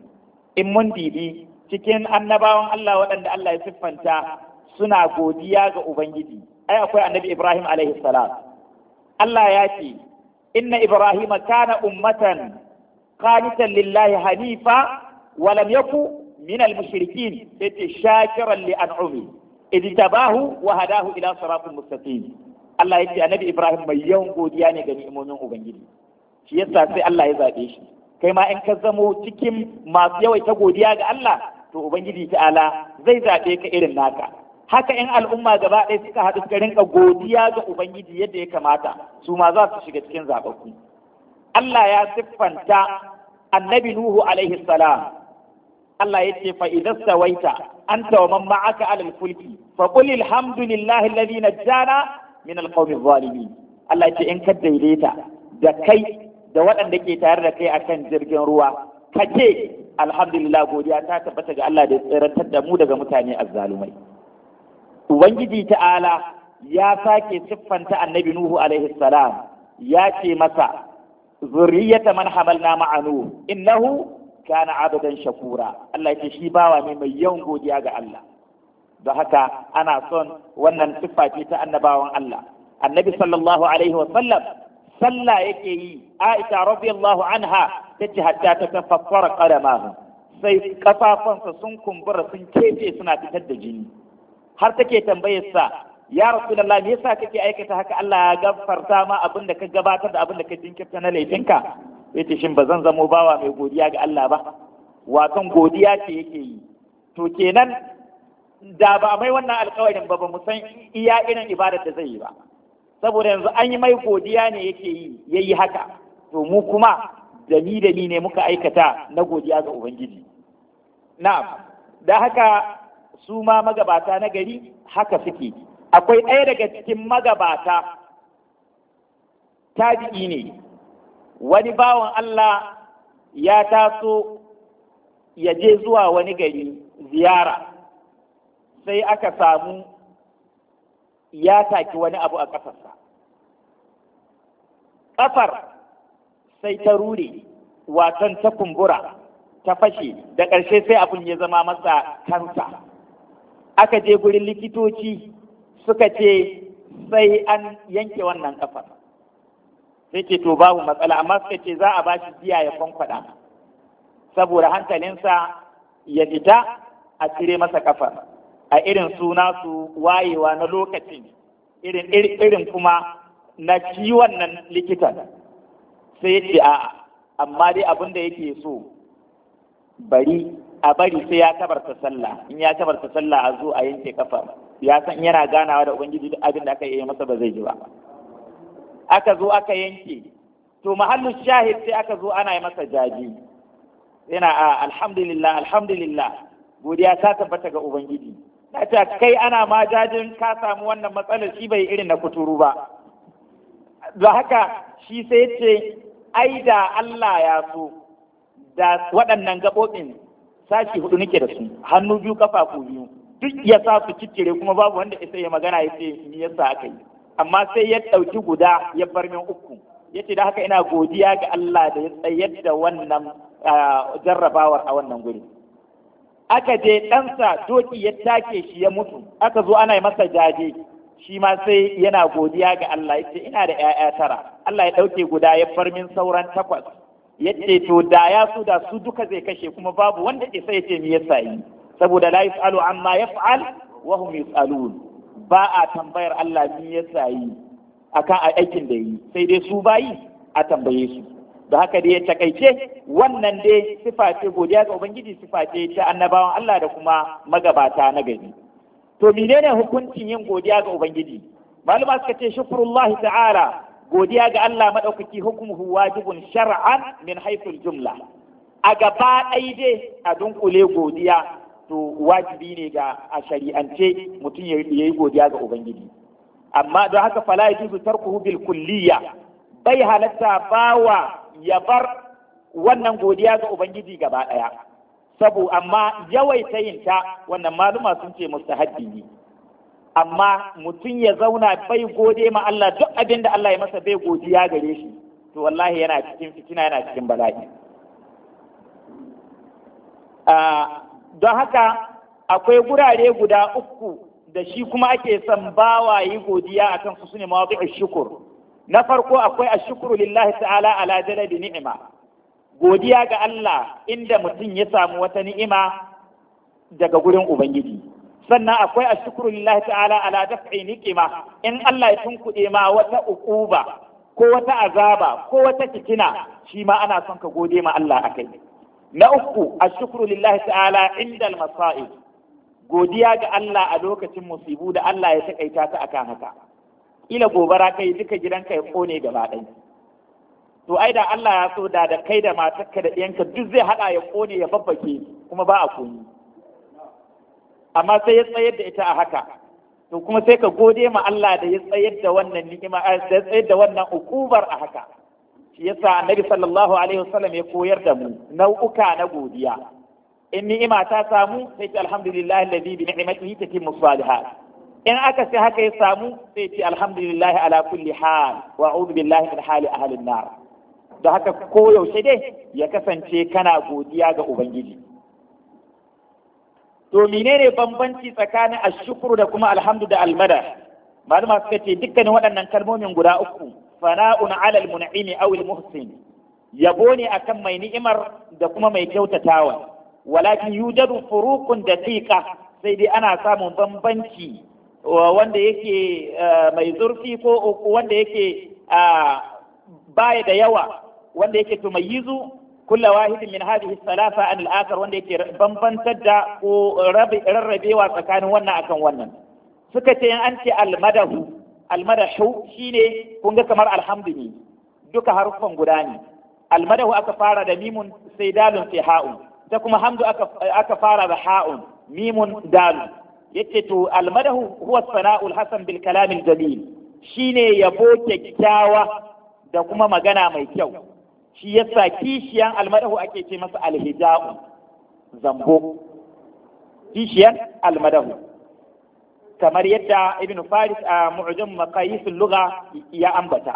[SPEAKER 2] in mun dibi cikin annabawan Allah waɗanda Allah ya siffanta suna godiya ga ubangiji ai akwai annabi ibrahim salam Allah ya ce inna ibrahim kana ummatan qanitan lillahi hanifa walam lam yaku min al mushrikin yace shakiran li an'umi idtabahu wa hadahu ila siratin mustaqim Allah yace annabi ibrahim mai yawan godiya ne ga ni'imomin ubangiji shi yasa sai Allah ya zabe shi kai ma in ka zamo cikin masu yawaita godiya ga Allah to ubangiji ta'ala zai zabe ka irin naka haka in al'umma gaba ɗaya suka haɗu suka rinka godiya ga ubangiji yadda ya kamata su ma za su shiga cikin zaɓaɓɓu Allah ya siffanta annabi Nuhu alaihi salam Allah ya ce fa'idan sawaita an tawaman ma'aka alal fulki fa qul lalli na jana, min alqawmi zalimi. Allah ya ce in ka daidaita da kai da waɗanda ke tare da kai akan jirgin ruwa ka ce alhamdulillah godiya ta tabbata ga Allah da ya tsirantar da mu daga mutane azzalumai ubangiji ta'ala ya sake siffanta annabi nuhu alaihi salam ya ce masa zurriyata man hamalna ma'a nuhu innahu kana abadan shakura Allah ce shi bawa ne mai yawan godiya ga Allah don haka ana son wannan siffa ce ta annabawan Allah annabi sallallahu alaihi wa sallam sallah yake yi Aisha radiyallahu anha tace hatta ta tafaffara qadamahu sai kafafansa sun kumbura sun kece suna fitar da jini har take tambayar sa ya rasulullahi me yasa kake aikata haka Allah ya gafarta ma abin da ka gabatar da abin da ka jinkirta na laifinka yace shin ba zan zamo bawa mai godiya ga Allah ba waton godiya ce yake yi to kenan da ba mai wannan alƙawarin ba ba mu san iya irin ibadar da zai yi ba saboda yanzu an yi mai godiya ne yake yi yayi haka to mu kuma da ni ne muka aikata na godiya ga ubangiji na'am da haka su ma magabata na gari haka suke akwai ɗaya daga cikin magabata tabi'i ne wani bawan Allah ya taso ya je zuwa wani gari ziyara sai aka samu ya taki wani abu a ƙasarsa ƙasar sai ta rure watan ta kumbura ta fashe da ƙarshe sai abin ya zama masa kansa aka je gurin likitoci suka ce sai an yanke wannan kafar sai ce to babu matsala amma suka ce za a bashi biya ya kwankwada saboda hankalinsa ya fita a cire masa kafar a irin suna su wayewa na lokacin irin irin kuma na ciwon wannan likitan sai ya ce a'a amma dai abin da yake so bari a bari sai ya tabarta sallah in ya tabarta sallah a zo a yanke kafa ya san yana ganawa da ubangiji duk abin da aka yi masa ba zai ji ba aka zo aka yanke to mahallu shahid sai aka zo ana yi masa jaji yana a ah, alhamdulillah alhamdulillah godiya ta tabbata ga ubangiji
[SPEAKER 1] na ce kai
[SPEAKER 2] ana ma jajin ka samu wannan matsalar shi bai irin na kuturu ba da haka shi sai ce ai da Allah ya so da waɗannan gaɓoɓin sashi hudu nake da su hannu biyu kafafu biyu duk ya sa su ciccire kuma babu wanda isa ya magana ya ce ni ya sa aka yi amma sai ya ɗauki guda ya bar min uku ya ce da haka ina godiya ga Allah da ya tsayar da wannan jarrabawar a wannan guri aka je ɗansa doki ya take shi ya mutu aka zo ana yi masa jaje shi ma sai yana godiya ga Allah ya ce ina da ‘ya'ya tara Allah ya ɗauke guda ya bar min sauran takwas yadda to da ya su da su duka zai kashe kuma babu wanda sai ce me yasa yi saboda la yasalu amma yaf'al wa hum yasalun ba a tambayar Allah me yasa yi akan aikin da yi sai dai su bayi a tambaye su da haka dai ya takaice wannan dai sifa godiya ga ubangiji sifa ta annabawan Allah da kuma magabata na gari to menene hukuncin yin godiya ga ubangiji malama suka ce shukrullahi ta'ala godiya ga Allah maɗaukaki hukumuhu wajibun shar'an min haifin jumla a gaba ɗai dai a dunkule godiya to wajibi ne ga a shari'ance mutum ya yi godiya ga ubangiji amma don haka fala yajuzu tarkuhu bil kulliya bai halatta bawa ya bar wannan godiya ga ubangiji gaba ɗaya sabo amma yawaita yin ta wannan maluma sun ce mustahabbi ne amma mutum ya zauna bai gode ma Allah duk abin da Allah ya masa bai godiya gare shi to wallahi yana cikin fitina yana cikin bala'i don haka akwai gurare guda uku da shi kuma ake son bawa yi godiya a kan su ne shukur na farko akwai a shukuru lillahi ta'ala ala jalabi ni'ima godiya ga Allah inda mutum ya samu wata ni'ima daga gurin ubangiji sannan akwai a shukuru lillahi ta'ala ala daf'i niqima in Allah ya tunkuɗe ma wata uquba ko wata azaba ko wata fitina shi ma ana son ka gode ma Allah akai na uku a shukuru lillahi ta'ala inda al godiya ga Allah a lokacin musibu da Allah ya takaita ta akan haka ila gobara kai duka gidanka ya kone gaba ɗaya to ai da Allah ya so da da kai da matarka da ɗiyanka duk zai haɗa ya kone ya babbake kuma ba a koyi amma sai ya tsayar da ita a haka to kuma sai ka gode ma Allah da ya tsayar da wannan ni'ima eh, da ya tsayar da wannan ukubar a haka shi yasa annabi sallallahu alaihi wasallam ya koyar da mu nau'uka na godiya in ni'ima ta samu sai ce alhamdulillah alladhi bi ni'matihi tatimmu salihat in aka sai haka ya samu sai ce alhamdulillah ala kulli hal wa a'udhu billahi min hali a halin nar da haka koyaushe dai ya kasance kana godiya ga ubangiji to menene bambanci tsakanin ashukuru da kuma alhamdu da almada malama suka ce dukkanin waɗannan kalmomin guda uku fana'un alal mun'imi aw al muhsin yabo ne akan mai ni'imar da kuma mai kyautatawa walakin yujadu furuqun daqiqa sai dai ana samun bambanci wanda yake eh, mai zurfi ko wanda yake ah, baya da yawa wanda yake tumayizu kulla wahidin min hadhihi salafa an al-akhar wanda yake bambantar da ko rarrabewa tsakanin wannan akan wannan suka ce an ce al-madahu al-madahu shine kun ga kamar alhamdu duka haruffan guda ne al-madahu aka fara da mimun sai dalun sai ha'un ta kuma hamdu aka aka fara da ha'un mimun dalun yace to al-madahu huwa sana'ul hasan bil kalamil jalil shine yabo kyakkyawa da kuma magana mai kyau shi yasa kishiyan almadahu ake ce masa alhija'u
[SPEAKER 3] zambo kishiyan
[SPEAKER 2] almadahu kamar yadda ibn faris a mu'jam maqayisul lugha ya ambata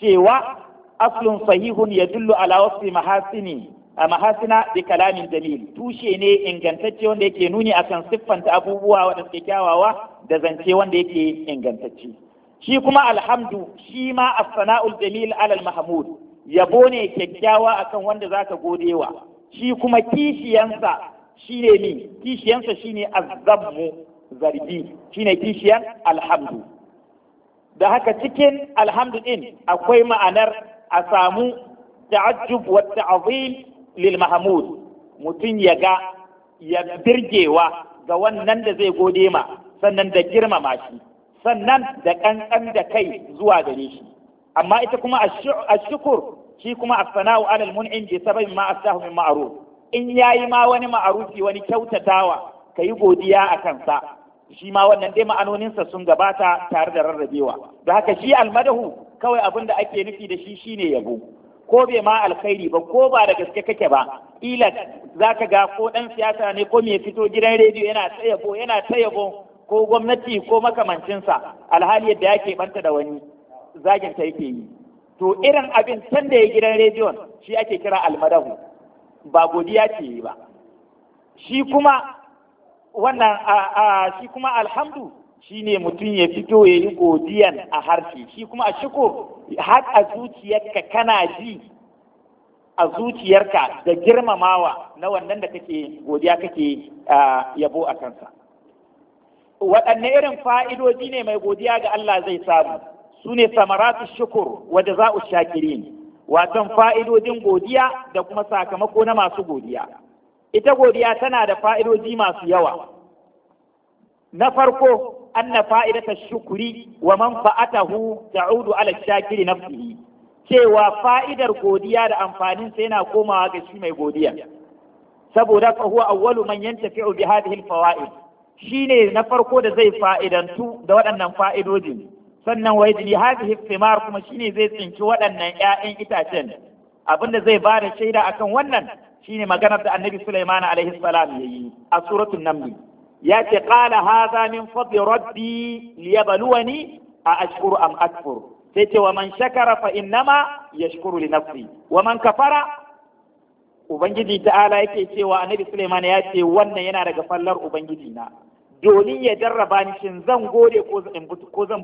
[SPEAKER 2] cewa aslun sahihun yadullu ala wasfi mahasini a mahasina da kalamin jamil tushe ne ingantacce wanda yake nuni akan siffanta abubuwa wanda kyawawa da zance wanda yake ingantacce shi kuma alhamdu shi ma as-sana'ul jamil alal mahmud yabo ne kyakkyawa akan wanda zaka godewa shi kuma kishiyansa shine ni kishiyansa shine azabmu zargi shine kishiyan alhamdu da haka cikin alhamdu din akwai ma'anar a samu ta'ajjub wa ta'zim lil mahmud mutum ya ga ya birgewa ga wannan da zai gode ma sannan da girmama shi sannan da kankan da kai zuwa gare shi amma ita kuma ashukur shi kuma a sanau 'ala al bi sababin ma astahu min ma'ruf in yayi ma wani ma'arufi wani kyautatawa kayi godiya a kansa shi ma wannan dai ma'anonin sa sun gabata tare da rarrabewa da haka shi almadahu kawai abin da ake nufi da shi shine yabo ko bai ma alkhairi ba ko ba da gaske kake ba
[SPEAKER 1] ila zaka
[SPEAKER 2] ga ko dan siyasa ne ko mai fito gidan rediyo yana ta yabo yana ta yabo ko gwamnati ko makamancinsa alhali yadda yake banta da wani ta yake yi to irin abin can da ya gidan rediyon shi ake kira almadahu ba godiya ce yi ba shi kuma wannan a shi kuma alhamdu shi ne mutum ya fito ya yi godiyan a harshe shi kuma a shiko har a zuciyarka kana ji a zuciyarka da girmamawa na wannan da kake godiya kake yabo a kansa waɗanne irin fa'idoji ne mai godiya ga Allah zai samu su ne samaratu shukur wa shakiri ne Wasan fa'idodin godiya da kuma sakamako na masu godiya ita godiya tana da fa'idodi masu yawa na farko an anna fa'idata shukuri wa da ta'udu ala shakiri na cewa fa'idar godiya da amfanin sa yana komawa ga shi mai godiya saboda ka huwa awwalu man fi'u bi hadhihi al-fawa'id shine na farko da zai fa'idantu da waɗannan fa'idojin sannan wa yajri hadhihi thimar kuma shine zai tsinci waɗannan ƴaƴan itacen abinda zai ba da shaida akan wannan shine maganar da annabi Sulaiman alaihi salam yayi a suratul naml ya ce qala hadha min fadli rabbi liyabluwani a ashkuru am akfur sai ce wa man shakara fa innama yashkuru li nafsi wa man kafara ubangiji ta'ala yake cewa annabi Sulaiman ya ce wannan yana daga fallar ubangiji na domin ya jarraba ni shin zan gode ko zan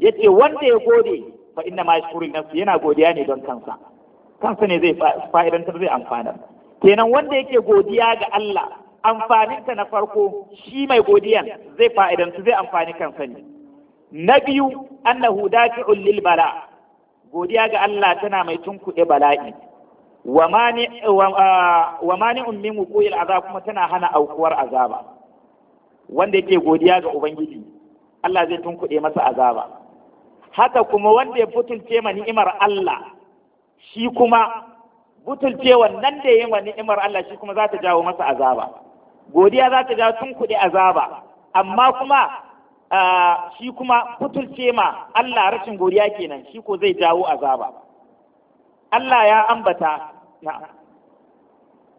[SPEAKER 2] Ya yace wanda ya gode fa inna ma yashkuru nafsi yana godiya ne don kansa kansa ne zai fa'idantar zai amfanar kenan wanda yake godiya ga Allah amfaninta na farko shi mai godiyan zai fa'idantu zai amfani kansa ne na biyu annahu dafi'un lil bala godiya ga Allah tana mai tunkuɗe bala'i wa mani wa ah, mani ummin wuqu'il azab kuma tana hana aukuwar azaba wanda yake godiya ga ubangiji Allah zai tunkuɗe masa azaba haka kuma wanda ya butulce ma ni'imar Allah shi kuma butulce wannan da ya yi ma ni'imar Allah shi kuma za ta jawo masa azaba godiya za ta jawo tunkuɗe azaba amma kuma shi kuma butulce ma Allah rashin godiya kenan shi ko zai jawo azaba Allah ya ambata na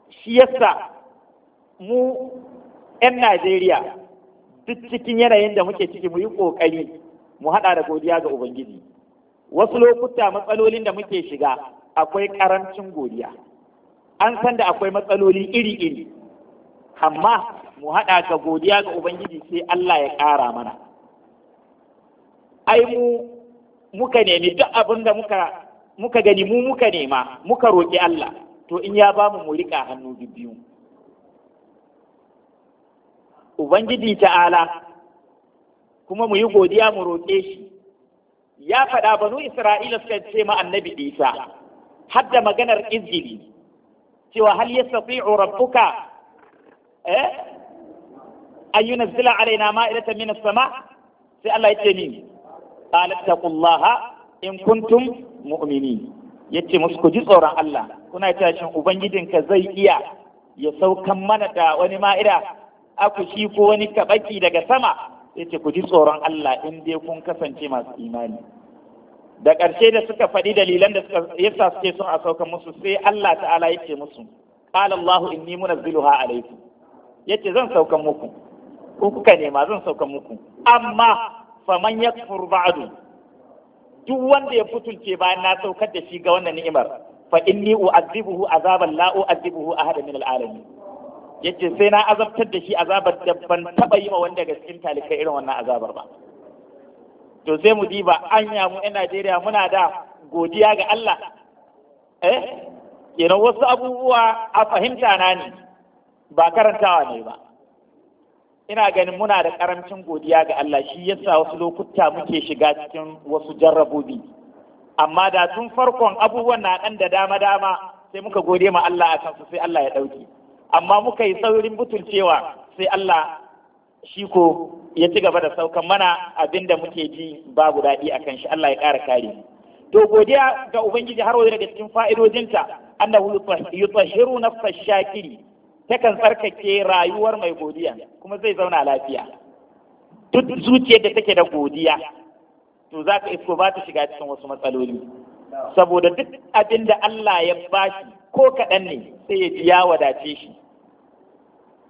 [SPEAKER 2] shi yasa mu 'yan Najeriya duk cikin yanayin da muke ciki mu yi ƙoƙari mu haɗa da godiya ga Ubangiji. Wasu lokuta matsalolin da muke shiga akwai ƙarancin godiya. An san da akwai matsaloli iri-iri, amma mu haɗa ga godiya ga Ubangiji sai Allah ya ƙara mana. Ai mu muka nemi duk abin da muka gani mu muka nema muka roƙi Allah to in ya bamu mu riƙa hannu biyu. Ubangiji ta'ala kuma mu yi godiya mu roƙe shi ya faɗa banu Isra'ila suka ce ma annabi Isa hadda maganar izgili cewa hal yastati'u rabbuka eh an yunzila alaina ma'idatan min sama sai Allah ya ce ni qala kullaha in kuntum Ya yace musu ku ji tsoron Allah kuna tashin ubangijinka zai iya ya saukan mana da wani ma'ida akushi ko wani kabaki daga sama yace ku ji tsoron Allah in dai kun kasance masu imani da ƙarshe da suka faɗi dalilan da yasa suke son a sauka musu sai Allah ta'ala ce musu qala Allahu inni munazziluha alaykum yace zan sauka muku ko kuka nema zan sauka muku amma faman yakfur ba'du duk wanda ya futulce bayan na saukar da shi ga wannan ni'imar fa inni u'azibuhu azaban la u'azibuhu ahada min al-alamin yace sai na azabtar da shi azabar da ban taba yi ma wanda ga cikin talikai irin wannan azabar ba to sai mu diba anya mu yan Najeriya muna da godiya ga Allah eh kenan wasu abubuwa a fahimta na ne ba karantawa ne ba ina ganin muna da karamcin godiya ga Allah shi yasa wasu lokuta muke shiga cikin wasu jarrabobi amma da tun farkon abubuwan na ɗan da dama dama sai muka gode ma Allah a kansu sai Allah ya ɗauki amma muka yi saurin butulcewa sai Allah shi ko ya ci gaba da saukan mana abinda da muke ji babu daɗi a kan shi Allah ya ƙara kare to godiya ga ubangiji har wani daga cikin fa'idojinta annahu yutahhiru nafsa shakiri takan tsarkake rayuwar mai godiya kuma zai zauna lafiya duk zuciyar da take da godiya to za ka isko ba ta shiga cikin wasu matsaloli saboda duk abin da Allah ya bashi ko kaɗan ne sai ya ji ya wadace shi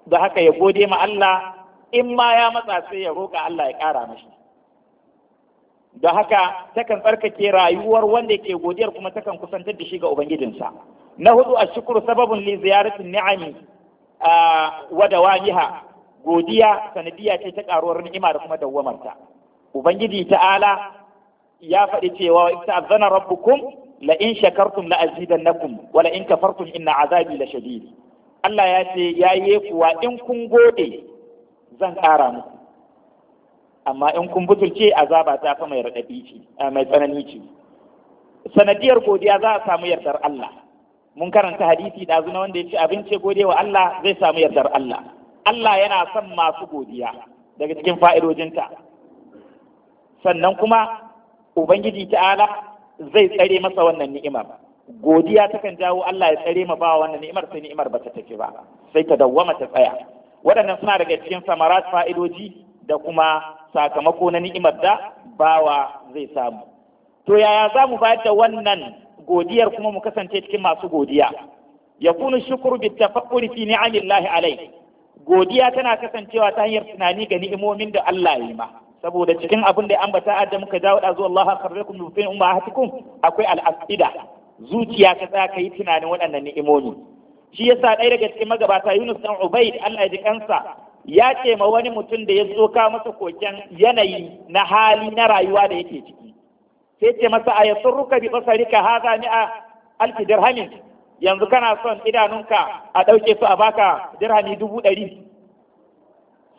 [SPEAKER 2] da haka ya gode ma Allah in ma ya matsa sai ya roƙa Allah ya ƙara mashi da haka takan tsarkake rayuwar wanda ke godiyar kuma takan kusantar da shi ga ubangijinsa na hudu a shukuru sababin li ziyaratin ni'ami wa dawamiha godiya sanadiya ce ta karuwar ni'ima da kuma dawwamarta ubangiji ta'ala ya faɗi cewa ta'azzana rabbukum la in shakartum la azidannakum wa la in kafartum inna azabi la shadid Allah ya ce ya yi kuwa in kun gode zan ƙara muku amma in kun butulce azaba ta fa mai raɗaɗi ce mai tsanani ce sanadiyar godiya za a samu yardar Allah mun karanta hadisi da na wanda ya ce abinci gode wa Allah zai samu yardar Allah Allah yana son masu godiya daga cikin fa'idojinta sannan kuma Ubangiji ta'ala zai tsare masa wannan ni'imar godiya takan jawo Allah ya tsare ma ba wannan ni'imar sai ni'imar ba ta tafi ba sai ta dawwama ta tsaya waɗannan suna daga cikin samarat fa'idoji da kuma sakamako na ni'imar da bawa zai samu to yaya za mu bayar da wannan godiyar kuma mu kasance cikin masu godiya ya kunu shukuru bi tafakkuri fi ni'amillahi alai godiya tana kasancewa ta hanyar tunani ga ni'imomin da Allah ya yi ma saboda cikin abin da ambata da muka jawo da zuwa Allah karrakum akwai al zuciya ka tsaya ka yi tunanin waɗannan ni'imomi shi yasa ɗaya daga cikin magabata Yunus ɗan Ubaid Allah ya ji kansa ya ce ma wani mutum da ya zo ka masa koken yanayi na hali na rayuwa da yake ciki sai ce masa a yasurruka bi basarika hadha mi'a alfi dirhamin yanzu kana son idanunka a ɗauke su a baka dirhami dubu ɗari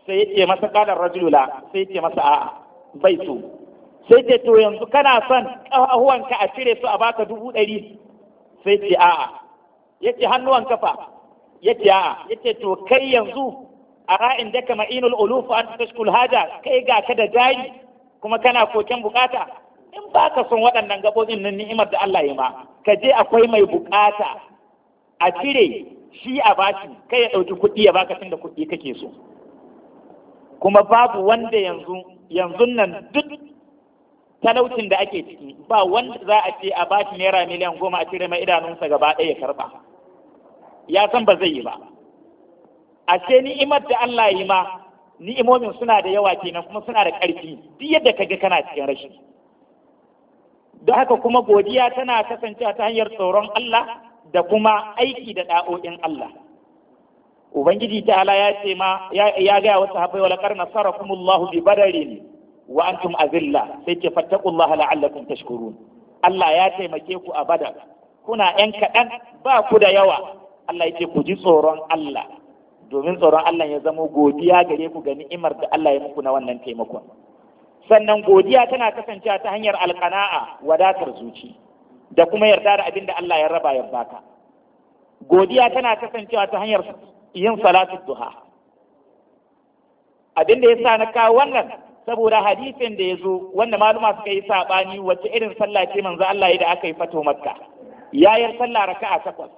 [SPEAKER 2] sai ya ce masa kalar rajulula sai ya ce masa a'a bai so sai ce to yanzu kana son ƙahuwanka a cire su a baka dubu ɗari sai ce a'a ya ce hannuwan kafa ya ce a'a ya ce to kai yanzu a ra'in da kama inul uluf an tashkul haja kai ga ka da jari kuma kana koken bukata in ba ka son waɗannan gaɓoɓin nan ni'imar da Allah ya ma ka je akwai mai bukata a cire shi a bashi kai ya ɗauki kuɗi ya baka tunda kuɗi kake so kuma babu wanda yanzu yanzu nan duk talaucin da ake ciki ba wanda za a ce a bashi naira miliyan goma a cire mai idanunsa gaba ɗaya ya karɓa ya san ba zai yi ba ashe ni'imar da Allah yi ma ni'imomin suna da yawa kenan kuma suna da ƙarfi duk yadda ka ga kana cikin rashi don haka kuma godiya tana kasancewa ta hanyar tsoron Allah da kuma aiki da ɗa'o'in Allah ubangiji ta ya ce ma ya gaya wasu laƙar, wala karna sarakumullahu bi badarin wa antum azilla sai ke fattaqullaha la'allakum tashkurun Allah ya taimake ku a badar kuna ‘yan kaɗan ba ku da yawa, Allah ya ku ji tsoron Allah, domin tsoron Allah ya zama godiya gare ku ga ni'imar da Allah ya muku na wannan taimakon. Sannan godiya tana kasancewa ta hanyar alƙana'a wadatar zuci da kuma yarda da abin da Allah ya raba ya baka. Godiya tana kasancewa ta hanyar yin salatu duha. Abin da ya sa na kawo wannan saboda hadisin da ya zo wanda maluma suka yi saɓani wacce irin sallah ce manzo Allah ya da aka yi fato makka yayar sallah raka'a takwas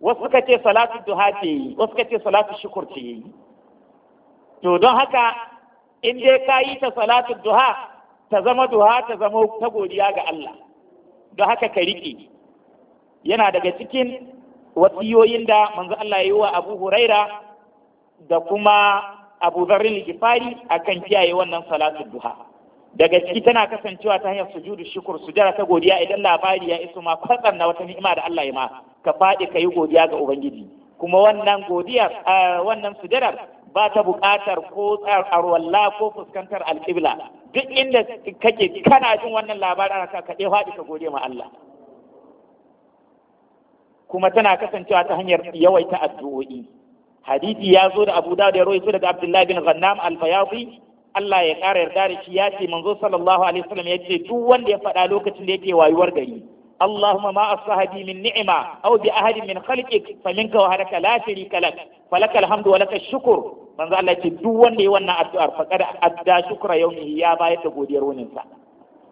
[SPEAKER 2] wasu suka ce salatu duha ce yi wasu suka ce salatu shukur ce yi to don haka in dai ka yi ta salatu duha ta zama duha ta zama ta godiya ga Allah don haka ka riƙe yana daga cikin wasiyoyin da manzo Allah ya yi wa Abu Huraira da kuma Abu Dharr al a kan kiyaye wannan salatu duha daga ciki tana kasancewa ta hanyar sujudu su sujada ta godiya idan labari ya iso ma kwatsar na wata ni'ima da Allah ya ma ka faɗi ka yi godiya ga Ubangiji kuma wannan godiyar wannan sujadar ba ta buƙatar ko tsarwalla ko fuskantar alƙibla duk inda kake kana jin wannan labarin ana ka ɗaya faɗi ka gode ma Allah kuma tana kasancewa ta hanyar yawaita addu'o'i hadisi ya zo da Abuja da ya rawaito daga Abdullah bin Ghannam al-Fayadi Allah ya ƙara yarda da shi ya ce manzo sallallahu alaihi wasallam ya ce duk wanda ya faɗa lokacin da yake wayuwar gari Allahumma ma as-sahabi min ni'ma aw bi ahadi min khalqik fa minka wa halaka la sharika lak falaka alhamdu wa laka ash-shukr manzo Allah ya duk wanda ya wannan addu'ar fa kada adda shukra yawmihi ya bayar da godiyar wannan sa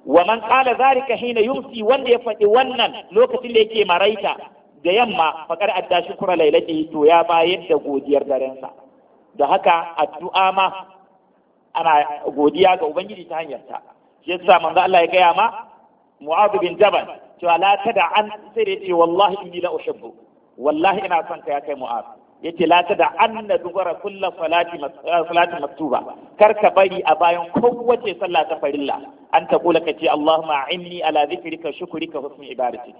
[SPEAKER 2] wa man qala zalika hina yumsi wanda ya faɗi wannan lokacin da yake maraita da yamma faƙar adda shukura lailati to ya bayar da godiyar darensa da haka addu'a ma ana godiya ga ubangiji ta hanyar ta shi yasa manzo Allah ya gaya ma Mu'adh bin Jabal cewa la tada an sai da wallahi inni la uhibbu wallahi ina son ka ya kai Mu'adh yace la tada an dubara kulla salati eh, salati maktuba kar ka bari a bayan kowace sallah ta farilla an ta kula kace Allahumma inni ala dhikrika shukrika husni ibadatik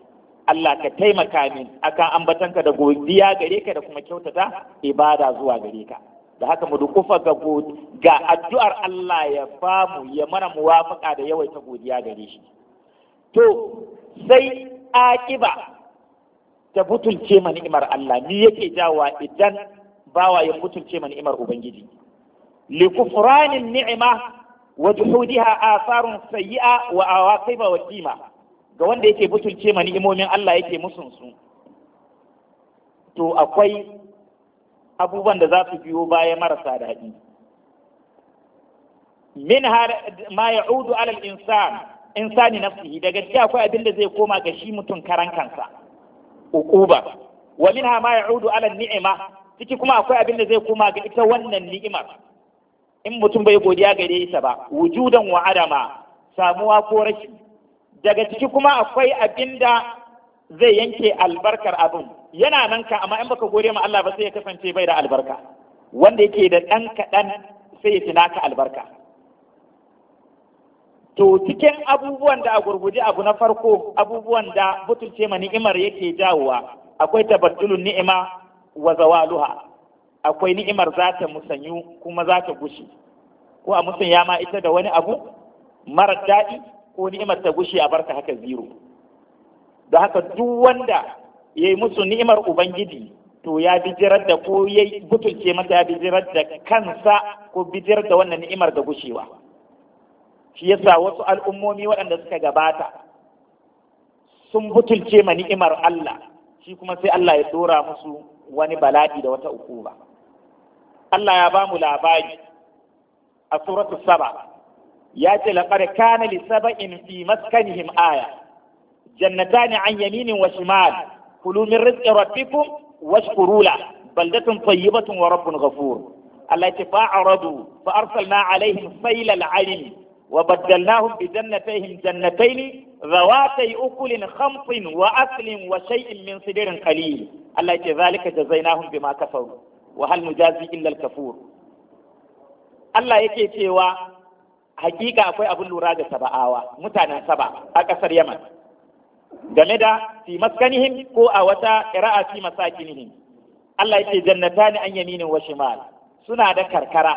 [SPEAKER 2] Allah ka taimaka min akan ka da godiya gare ka da kuma kyautata ibada zuwa gare ka da haka mu dukufa ga ga addu'ar Allah ya famu ya mana muwafaka da yawaita godiya gare shi to sai akiba ta butulce ma ni'imar Allah ni yake jawa idan bawa ya butulce ma ni'imar ubangiji li kufranin ni'ima wa juhudiha asarun sayyi'a wa ba wa kima ga wanda yake butulce ma ni'imomin Allah yake musun su to akwai abubuwan da za su biyo baya marasa daɗi min har ma ya'udu alal insan insani nafsihi daga cikin akwai abin da zai koma ga shi mutum karan kansa uquba wa ha ma ya'udu alal ni'ima ciki kuma akwai abin da zai koma ga ita wannan ni'imar in mutum bai godiya gare ita ba wujudan wa adama samuwa ko rashi daga ciki kuma akwai abin da zai yanke albarkar abin yana nan ka amma in baka gode ma Allah ba sai ya kasance bai da albarka wanda yake da ɗan kaɗan sai ya tinaka albarka to cikin abubuwan da a gurguje abu na farko abubuwan da butulce ma ni'imar yake jawowa akwai tabaddulun ni'ima wa zawaluha akwai ni'imar za ta musanyu kuma za ta gushi ko a musanya ma ita da wani abu mara daɗi ko ni'imar ta gushe a barka haka zero da haka duk wanda ya yi musu ni'imar ubangiji to ya bijirar da ko ya butulce masa ya bijirar da kansa ko bijirar da wannan ni'imar da gushewa shi yasa wasu al'ummomi waɗanda suka gabata sun butulce ma ni'imar Allah shi kuma sai Allah ya dora musu wani bala'i da wata ukuba Allah ya ba mu labari a suratu saba ya ce laqad kana li sab'in fi maskanihim aya jannatani an yaminin wa shimal kulu min rizqi rabbikum washkuru la baldatun tayyibatun wa rabbun ghafur Allah ya ce fa'aradu fa arsalna alaihim saylal alim وبدلناهم بجنتيهم جنتين ذواتي أكل خمط وأكل وشيء من صدر قليل الله ذلك جزيناهم بما كفروا وهل مجازي إلا الكفور الله yake cewa hakika akwai abin lura ga saba'awa mutanen saba a ƙasar yaman game da fi maskanihim ko a wata ƙira'a fi masakinihim Allah ya jannata ni an yaminin wa shimal suna da karkara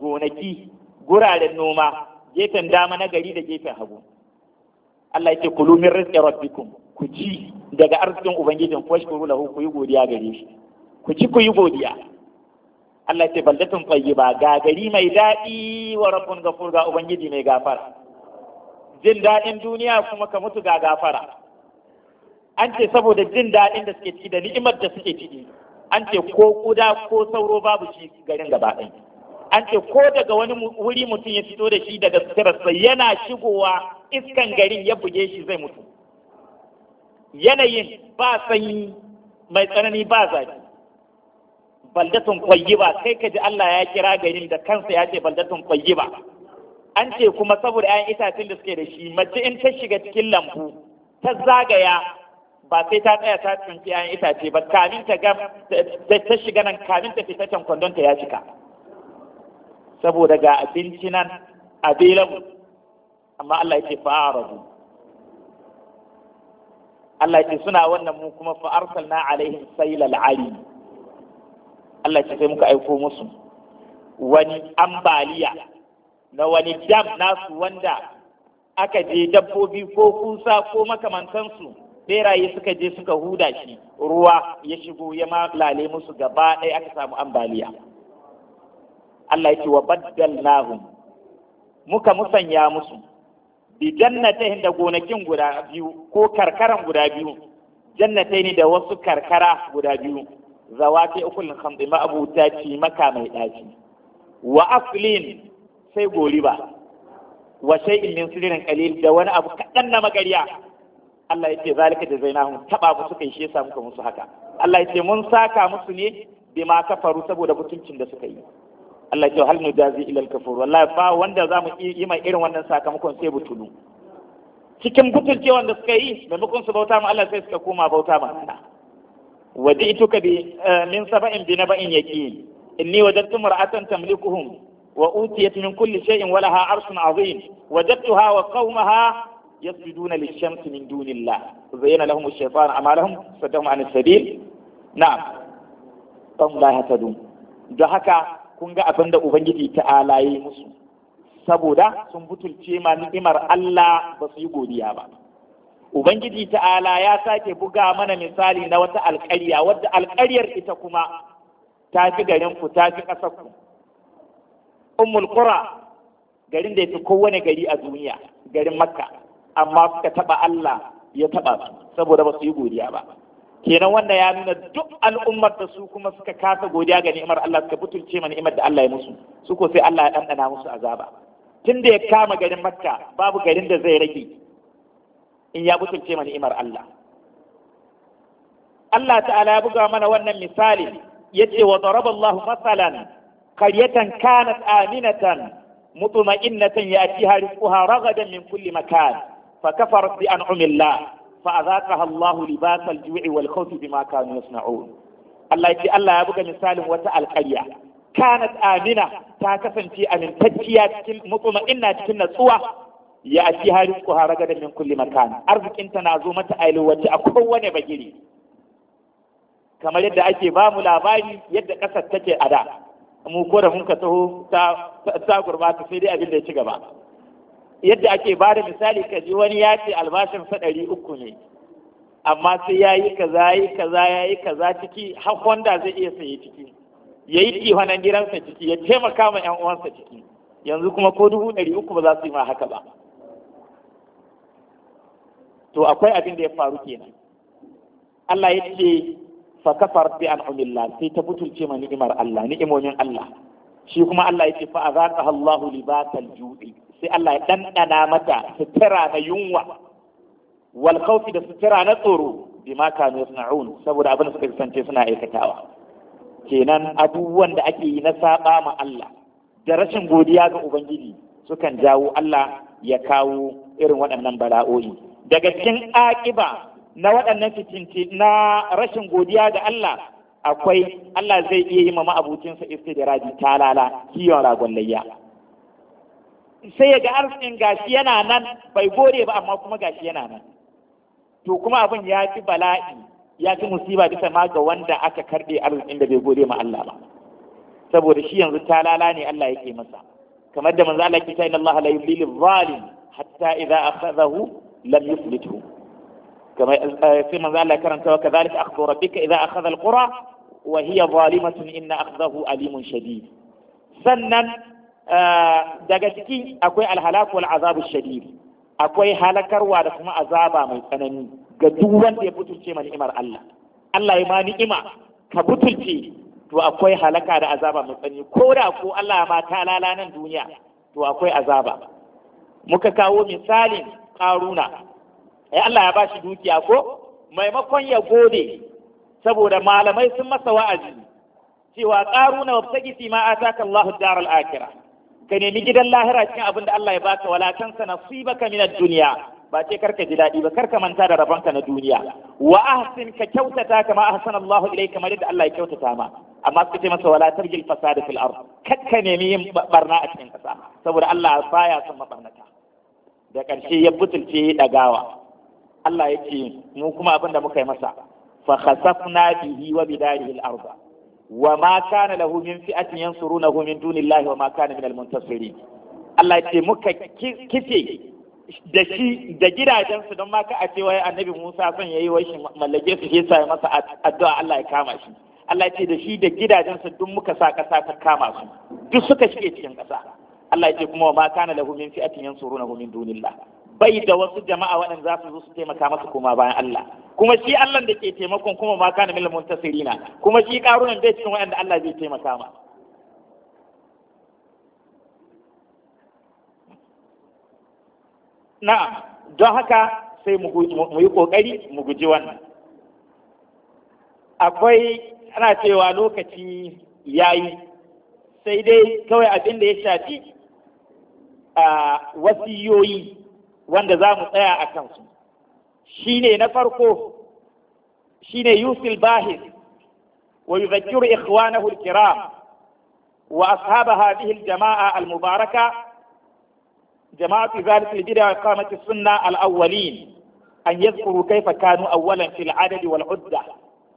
[SPEAKER 2] gonaki guraren noma gefen dama na gari da gefen hagu Allah ya ce kulu min rizqi rabbikum ku ci daga arzikin ubangijin shukuru lahu ku yi godiya gare shi ku ci ku yi godiya Allah ce baldatun ba ga gari mai daɗi wa rabbun gafur ga ubangiji mai gafara jin daɗin duniya kuma ka mutu ga gafara an ce saboda jin daɗin da suke ciki da ni'imar da suke ciki an ce ko kuda ko sauro babu shi garin gaba ɗaya an ce ko daga wani wuri mutum ya fito da shi daga suturarsa yana shigowa iskan garin ya buge shi zai mutu yanayin ba sanyi mai tsanani ba zafi baldatun tayyiba kai ka ji Allah ya kira garin da kansa ya ce baldatun tayyiba an ce kuma saboda 'ya'yan itacen da suke da shi mace in ta shiga cikin lambu ta zagaya ba sai ta tsaya ta tsinci 'ya'yan itace ba kamin ta ga ta shiga nan kamin ta fita can kwandon ta ya cika saboda ga abinci nan a available amma Allah yake fa'aradu Allah yake suna wannan mu kuma fa arsalna alaihim saylal alim Allah ce sai muka aiko musu wani ambaliya na wani dam nasu wanda aka je dabbobi ko kusa ko makamantansu beraye suka je suka huda shi ruwa ya shigo ya lale musu gaba ɗaya aka samu ambaliya Allah ya ce wa baddalnahum muka musanya musu bi jannatayn da gonakin guda biyu ko karkaran guda biyu jannatai ne da wasu karkara guda biyu zawati ukul khamdi ma'abuta ci maka mai daci wa aflin sai goriba wa shay'in min sirrin qalil da wani abu kadan na magariya Allah ya ce zalika da zainahu taba musu kai shi yasa muka musu haka Allah ya ce mun saka musu ne ma kafaru saboda mutuncin da suka yi Allah ya ce hal nujazi ila al-kafur wallahi fa wanda zamu yi mai irin wannan sakamakon sai butulu cikin butulce wanda suka yi maimakon su bauta ma Allah sai suka koma bauta ma Allah وجئتك من سبأ بنبأ يقين إني وجدت امرأة تملكهم وأوتيت من كل شيء ولها عرش عظيم وجدتها وقومها يسجدون للشمس من دون الله زين لهم الشيطان أعمالهم فدهم عن السبيل نعم فهم لا يهتدون da haka kun ga abin da Ubangiji ta'ala yi musu saboda sun butulce ma ni'imar Allah ba su yi godiya ba ubangiji ta'ala ya sake buga mana misali na wata alƙarya wadda alƙaryar ita kuma ta fi garin ku ta fi ƙasar ku ummul qura garin da ya fi kowane gari a duniya garin makka amma suka taba Allah ya taba su saboda ba su yi godiya ba kenan wanda ya nuna duk al'ummar da su kuma suka kasa godiya ga ni'imar Allah suka butulce ma ni'imar da Allah ya musu su ko sai Allah ya ɗanɗana musu azaba tunda ya kama garin makka babu garin da zai rage in ya mutunce ma ni'imar Allah Allah ta'ala ya buga mana wannan misali yace wa daraba Allahu masalan karyatan kanat aminatan mutma'innatan yatiha rizquha ragadan min kulli makan fakafarat bi an'ami Allah fa'azaqaha Allahu ju'i wal khawfi bima kanu yasna'un Allah Allah ya buga misalin wata alƙarya kanat amina ta kasance amintacciya cikin mutma'inna cikin natsuwa ya ati harin ku haraga da min kulli makan arzikin ta na zo mata ailowace a kowane bagiri kamar yadda ake ba mu labari yadda ƙasar take a da mu ko da mun ka taho ta gurbata sai dai abin da ya ci gaba yadda ake ba da misali ka ji wani ya ce albashin sa ɗari uku ne amma sai ya yi kaza ya yi kaza ya kaza ciki har wanda zai iya saye ciki ya yi tihonan gidansa ciki ya taimaka ma ƴan uwansa ciki yanzu kuma ko dubu ɗari uku ba za su yi ma haka ba to akwai abin da ya faru kenan Allah ya ce fa kafar bi an'amillah sai ta butulce ma ni'imar Allah ni'imomin Allah shi kuma Allah ya ce fa azaqaha Haulahu libatal ju'i sai Allah ya dandana mata sutura na yunwa wal khawfi da sutura na tsoro bima kanu yasna'un saboda abin da suka kasance suna aikatawa kenan abubuwan da ake yi na saba ma Allah da rashin godiya ga ubangiji sukan jawo Allah ya kawo irin waɗannan bala'o'i daga cikin aƙiba na waɗannan fitinti na rashin godiya ga Allah akwai Allah zai iya yi ma ma'abucinsa istidraji talala kiyon ragwallayya sai ga arzikin gashi yana nan bai gore ba amma kuma gashi yana nan to kuma abin ya fi bala'i ya fi musiba bisa ma ga wanda aka karɓe arzikin da bai gode ma Allah ba saboda shi yanzu talala ne Allah yake masa kamar da manzo Allah ke ta inna Allah la yudhillu zalim hatta idza akhadhahu lam yuflithu كما في مزال كرنت وكذلك أخذ ربك إذا أخذ القرى وهي ظالمة إن أخذه أليم شديد sannan daga ciki akwai alhalaku wal azabu shadid akwai halakarwa da kuma azaba mai tsanani ga duk wanda ya butulce ma ni'imar Allah Allah ya ma ni'ima ka butulce to akwai halaka da azaba mai tsanani ko ko Allah ma ta lala nan duniya to akwai azaba muka kawo misalin karuna ai eh, Allah ya bashi dukiya ko maimakon ya gode saboda malamai sun masa wa'azi cewa karuna wabtagi fi ma ataka Allahu daral akhirah ka nemi gidan lahira cikin abin da Allah ya baka wala tansa nasibaka minad dunya ba ce karka ji daɗi ba karka manta da ka na duniya wa ahsin ka kyautata kama ahsana Allah ilai kamar yadda Allah ya kyautata ma amma suka ce masa wala tarjil fasada fil ard kakka nemi yin barna a cikin kasa saboda Allah baya son mabarnata da ƙarshe ya butulce ya ɗagawa Allah ya ce mu kuma abin da muka yi masa fa khasafna bihi wa bidarihi al-arba wa ma kana lahu min fi'atin yansurunahu min dunillahi wa ma kana min al-muntasirin Allah ya ce muka kice da shi da su don maka a ce wai annabi Musa son yayi wai shi mallake su shi sai masa addu'a Allah ya kama shi Allah ya ce da shi da su duk muka sa kasa ta kama su duk suka shige cikin kasa
[SPEAKER 1] Allah ya ce kuma
[SPEAKER 2] ma kana lahu min fi'atin yansurunahu min dunillah bai da wasu jama'a waɗanda za su zo su taimaka masa kuma bayan Allah kuma shi Allah da ke taimakon kuma ma kana min muntasirina kuma shi karunan bai cikin waɗanda Allah zai taimaka ma na don haka sai mu yi kokari mu guji wannan akwai ana cewa lokaci yayi sai dai kawai abin da ya shafi wasiyoyi wanda za mu tsaya a kansu shi ne na farko shi ne yusil bahis wa yuzakkiru ikhwanahu al-kiram wa ashab hadhihi al-jama'a al-mubaraka jama'atu zalik al-bid'a wa qamat as-sunna al-awwalin an yadhkuru kayfa kanu awwalan fil adad wal 'udda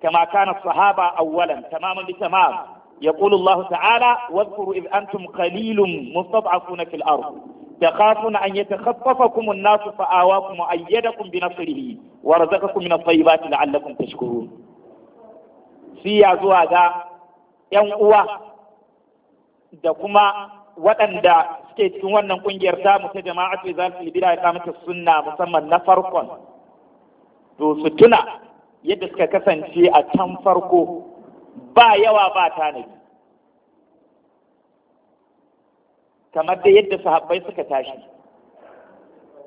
[SPEAKER 2] kama kana as-sahaba awwalan tamaman bi tamam يقول الله تعالى واذكروا إذ أنتم قليل مستضعفون في الأرض تخافون أن يتخطفكم الناس فآواكم وأيدكم بنصره ورزقكم من الطيبات لعلكم تشكرون سيا زوا ga ‘yan uwa da kuma waɗanda suke cikin wannan ƙungiyar tamu ta jama'a ce za su yi bida ya sunna musamman na farkon to yadda suka kasance a can farko ba yawa ba tanadi kamar da yadda sahabbai suka tashi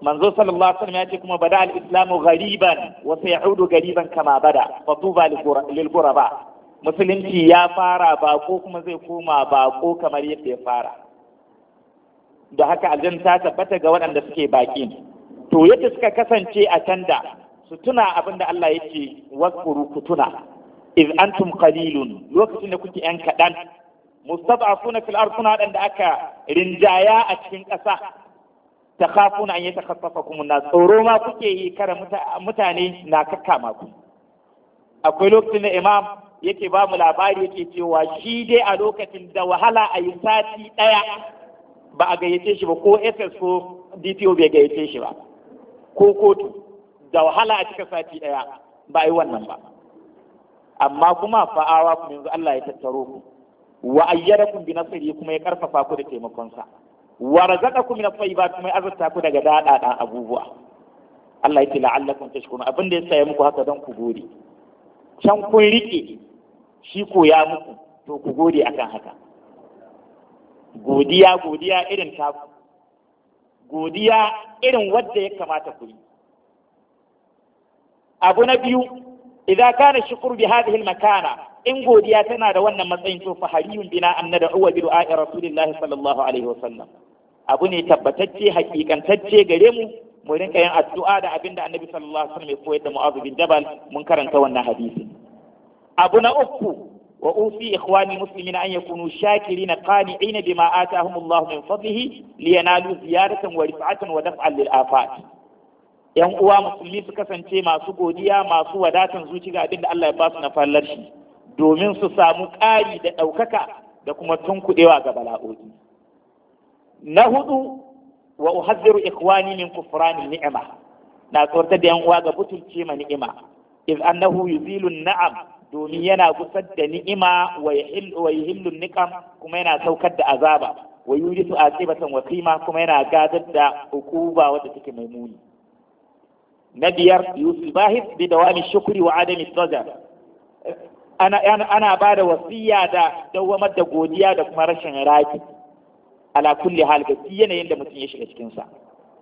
[SPEAKER 2] manzo sallallahu alaihi wasallam ya ce kuma bada al-islamu ghariban wa sayaudu ghariban kama bada fa tuba lil ghuraba musulunci ya fara bako kuma zai koma bako kamar yadda ya fara da haka aljanna ta tabbata ga waɗanda suke baƙin. to yadda suka kasance a can da su tuna abin da Allah ya ce ku tuna iz antum qalilun lokacin da kuke yan kaɗan mustad'afuna fil ard kuna da aka rinjaya a cikin ƙasa takhafuna an yatakhaffafakum an tsoro ma kuke yi kare mutane na kakkama ku akwai lokacin da imam yake ba mu labari yake cewa shi dai a lokacin da wahala a yi sati ɗaya ba a gayyace shi ba ko ss ko DTO bai gayyace shi ba ko kotu da wahala a cika sati ɗaya ba a yi wannan ba amma kuma fa'awa kuma yanzu Allah ya tattaro ku wa ayyadakum bi nasri kuma ya karfafa ku da taimakon sa wa razaqakum min at-tayyibat kuma ya azurta ku daga dadada abubuwa Allah ya ce la'allakum tashkurun abin da yasa ya muku haka don ku gode can kun rike shi ko ya muku to ku gode akan haka godiya godiya irin ta godiya irin wadda ya kamata ku yi abu na biyu idza kana shukru bi hadhihi al makana in godiya tana da wannan matsayin to fa hariyun bina da uwa bi du'a'i rasulillah sallallahu alaihi wa sallam abu ne tabbatacce hakikantacce gare mu mu rinka yin addu'a da abinda annabi sallallahu alaihi wa sallam ya koyar da mu'adh bin jabal mun karanta wannan hadisi abu na uku wa usi ikhwani muslimina an yakunu shakirina qani'ina bima atahum Allah min fadlihi liyanalu ziyaratan wa rif'atan wa daf'an lil afat yan uwa musulmi su kasance masu godiya masu wadatan zuci ga abin da Allah ya ba su na fallar shi domin su samu ƙari da ɗaukaka da kuma tunkuɗewa ga bala'o'i na hudu wa uhadhiru ikhwani min kufrani ni'ima na tsortar da yan uwa ga butulce ma ni'ima iz annahu yuzilu na'am domin yana gusar da ni'ima wa yuhillu niqam kuma yana saukar da azaba wa a asibatan wa qima kuma yana gadar da hukuba wadda take mai na biyar yusbahis bi dawami shukri wa adami soja. ana ba da wasiya da dawamar da godiya da kuma rashin raki ala kulli hal ga yanayin da mutum ya shiga cikin sa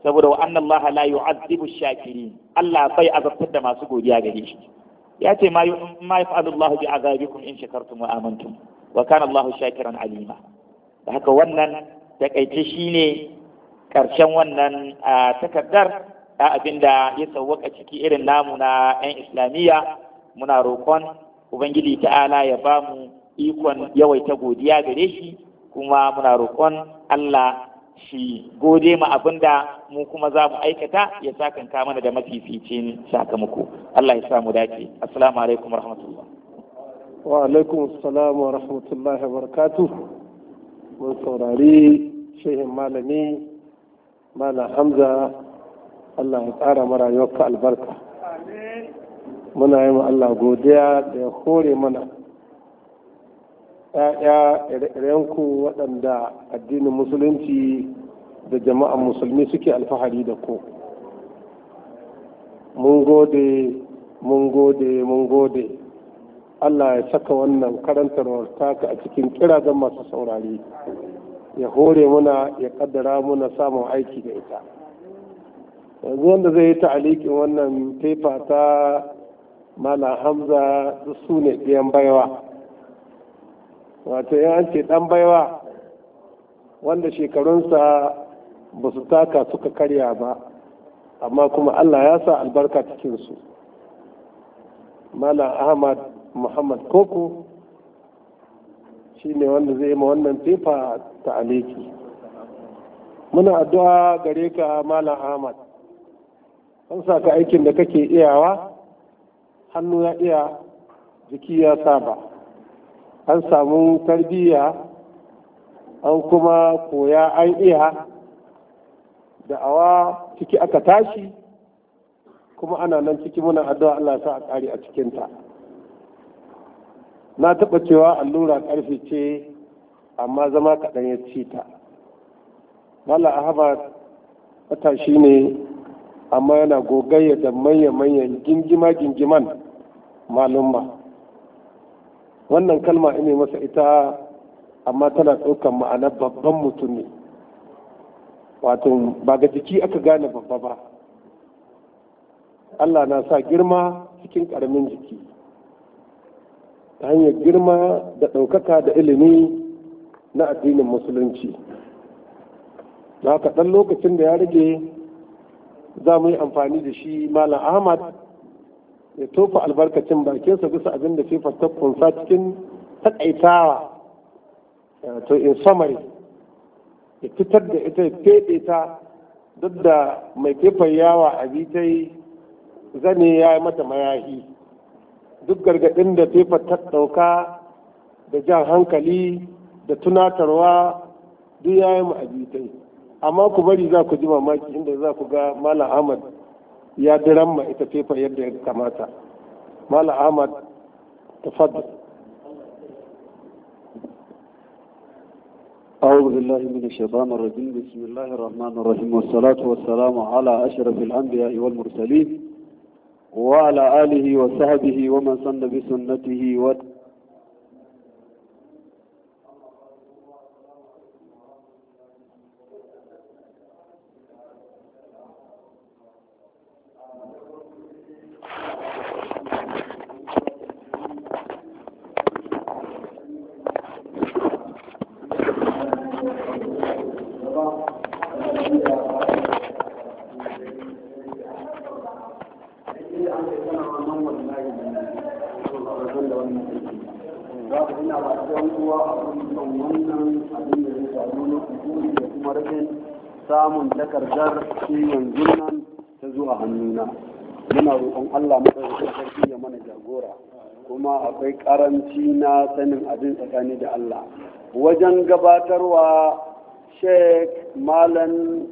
[SPEAKER 2] saboda wa anna allaha la shakirin Allah bai azabtar da masu godiya gare shi ya ce ma ma yaf'alu allah bi azabikum in shakartum wa amantum wa kana allah shakiran alima da haka wannan takaice shine karshen wannan ah, takardar da abin da ya sauwaka ciki irin namu na 'yan islamiyya muna roƙon ubangiji ta'ala ya ba mu ikon yawaita godiya gare shi kuma muna roƙon Allah shi gode ma abin da mu kuma za mu aikata ya sakanka mana da mafificin sakamako
[SPEAKER 1] Allah ya samu dace assalamu alaikum rahmatullah wa alaikum assalam wa rahmatullahi wa mun saurari shehin malami malam hamza Allah ya tsara mara ka albarka muna yi ma Allah godiya da ya hore mana ‘ya'ya ire-irenku waɗanda addinin musulunci da jama'an musulmi suke alfahari da ku mun gode mun gode mun gode Allah ya saka wannan karantarwar taka a cikin kiragen masu saurari ya hore muna ya kaddara muna samun aiki da ita yanzu wanda zai yi ta'alikin wannan fefa ta malam hamza su su ne ɗiyan baiwa wato yan ce ɗan baiwa wanda shekarunsa ba su taka suka karya ba amma kuma allah ya sa albarka cikinsu malam ahmad muhammad koko shi ne wanda zai yi ma wannan fefa ta'aliki muna addu'a gare ka malam ahmad an sa ka aikin da kake iyawa hannu ya iya jiki ya saba an samu tarbiyya an kuma koya an iya Da awa ciki aka tashi kuma ana nan ciki muna addu'a Allah sa a kare a cikinta na taɓa cewa allura ƙarfi ce amma zama kaɗan ya ci ta mala ahmad matashi ne amma yana gogayya da manya-manyan gingima-gingiman malumma wannan kalma ne masa ita amma tana ɗaukar ma'ana babban mutum ne wato ba ga jiki aka gane babba ba allah na sa girma cikin ƙaramin jiki ta hanyar girma da ɗaukaka da ilimi na addinin musulunci Na ka ɗan lokacin da ya rage za mu yi amfani da shi malam ahmad ya tofa albarkacin bakinsa bisa abin da fifa ta kunsa cikin takaitawa eh, to in summary ya fitar da ita ya fede ta duk da mai fifa yawa a ta yi zane ya yi mata mayahi duk gargaɗin da fifa ta ɗauka da jan hankali da tunatarwa duk ya yi mu a ta yi amma ku bari za ku ji mamaki inda za ku ga malam ahmad ya diramma ita fefa yadda ya kamata malam ahmad ta tafaddal أعوذ بالله من الشيطان الرجيم بسم
[SPEAKER 3] الله الرحمن الرحيم والصلاة والسلام على أشرف الأنبياء والمرسلين وعلى آله وصحبه ومن سن بسنته وتبعه karanci na sanin abin tsakani da Allah wajen gabatarwa sheik malam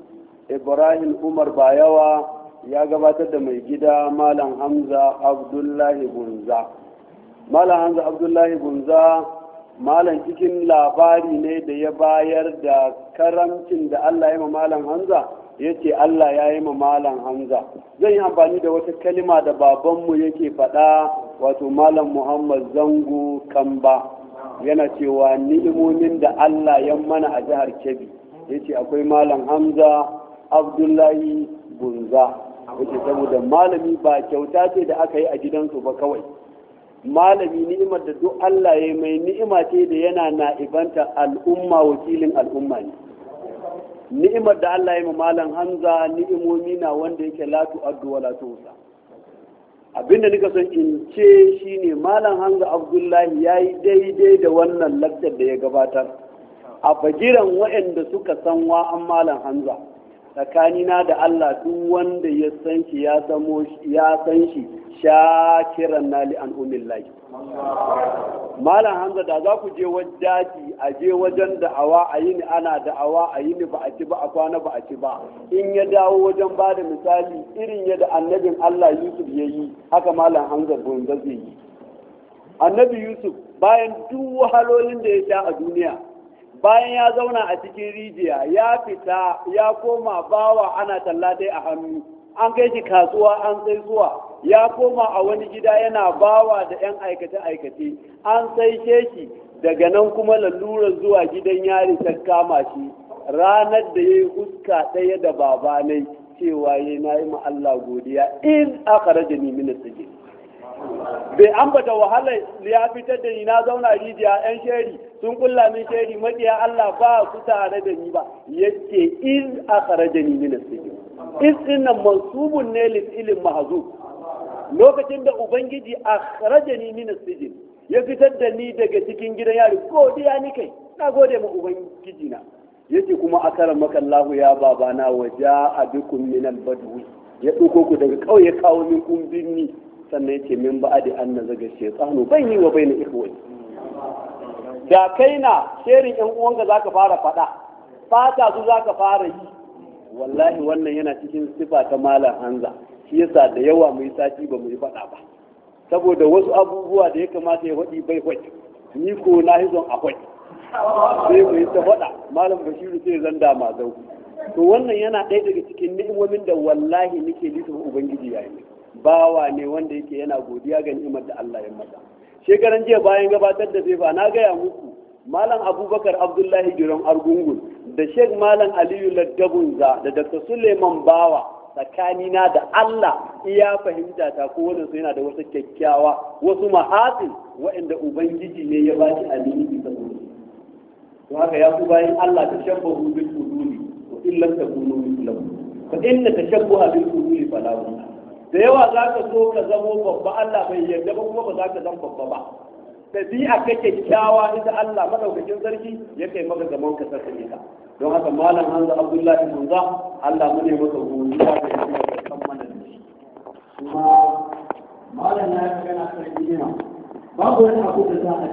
[SPEAKER 3] ibrahim umar bayawa ya gabatar da mai gida malam hamza abdullahi gunza malam hamza abdullahi gunza malam cikin labari ne da ya bayar da karamcin da allah ya ma malam hamza Yace Allah ya yi malam Hamza zan yi amfani da wata kalima da babanmu yake faɗa wato malam Muhammad Zango Kamba yana cewa ni'imomin da Allah ya mana a jihar Kebbi Yace akwai malam Hamza Abdullahi Gunza yace saboda malami ba kyauta ce da aka yi a gidansu ba kawai malami ni'imar da duk Allah ya mai ni'ima ce da yana na'ibanta al'umma wakilin al'umma ne ni'imar da Allah ya ma malam Hamza ni'imomi na wanda yake latu addu'a wala tusa abinda nika son in ce shine malam Hamza Abdullahi yayi daidai da wannan lakcar da ya gabatar a fagiran waɗanda suka san wa'an an malam Hamza na da Allah duk wanda ya san shi ya zamo ya san shi shakiran na li an umillahi malam hamza da za ku je wajaji a je wajen da'awa a yi ni ana da'awa a yi ni ba a ci ba a kwana ba a ci ba in ya dawo wajen ba da misali irin yadda annabin Allah Yusuf ya yi haka malam hamza gonza zai yi annabi Yusuf bayan duk wahalolin da ya sha a duniya bayan ya zauna a cikin rijiya ya fita ya koma bawa ana talla a hannu an kai shi kasuwa an sai zuwa ya koma a wani gida yana bawa da 'yan aikace-aikace an sai shi daga nan kuma lalurar zuwa gidan yari ta kama shi ranar da ya yi huska ɗaya da babanai cewa ya na yi ma Allah godiya in aka rage ni mini sujin bai ambata wahala ya fitar da ni na zauna rijiya yan sheri sun kulla min sheri maƙiya Allah ba su tare da ni ba yake in akhrajani min ni sijn is in nan mansubun ne lil ilm lokacin da ubangiji ni min as ya fitar da ni daga cikin gidan yari godiya ni kai na gode ma ubangiji na yake kuma akaramaka Allah ya babana waja a min Minan badwi ya ɗauko ku daga ƙauye kawo min kun birni sannan ce min ba'adi an na zaga bai yi wa bai na ikhwati da kai na sherin yan uwanka zaka fara fada fata su zaka fara yi wallahi wannan yana cikin sifa ta malam hanza shi yasa da yawa mu yi sati ba mu yi fada ba saboda wasu abubuwa da ya kamata ya faɗi bai faɗi ni ko na yi zon akwai sai mu yi ta faɗa malam bashiru sai zan dama zau to wannan yana ɗaya daga cikin ni'imomin da wallahi nake lissafa ubangiji yayi bawa ne wanda yake yana godiya ga ni'imar da Allah ya masa shekaran jiya bayan gabatar da fefa na gaya muku malam abubakar abdullahi giron argungun da sheikh malam aliyu Ladabunza da dr suleiman bawa tsakanina da Allah iya fahimta ta ko wannan su yana da wasu kyakkyawa wasu mahatin waɗanda ubangiji ne ya baki alimi ta to haka ya ku bayan Allah ta shabba bil uduli wa illam takunu mithlahu fa inna ne fa uduli fala da yawa za ka so ka zamo babba Allah bai yarda ba kuma ba za ka zama babba ba ɗabi'a ka kyakkyawa ita Allah madaukakin sarki ya kai maka zaman ka sarki ka don haka malam Hamza Abdullahi Munza Allah mu ne maka godiya da yake da kan mana shi kuma malam na ga na sarki ne babu wani abu da za a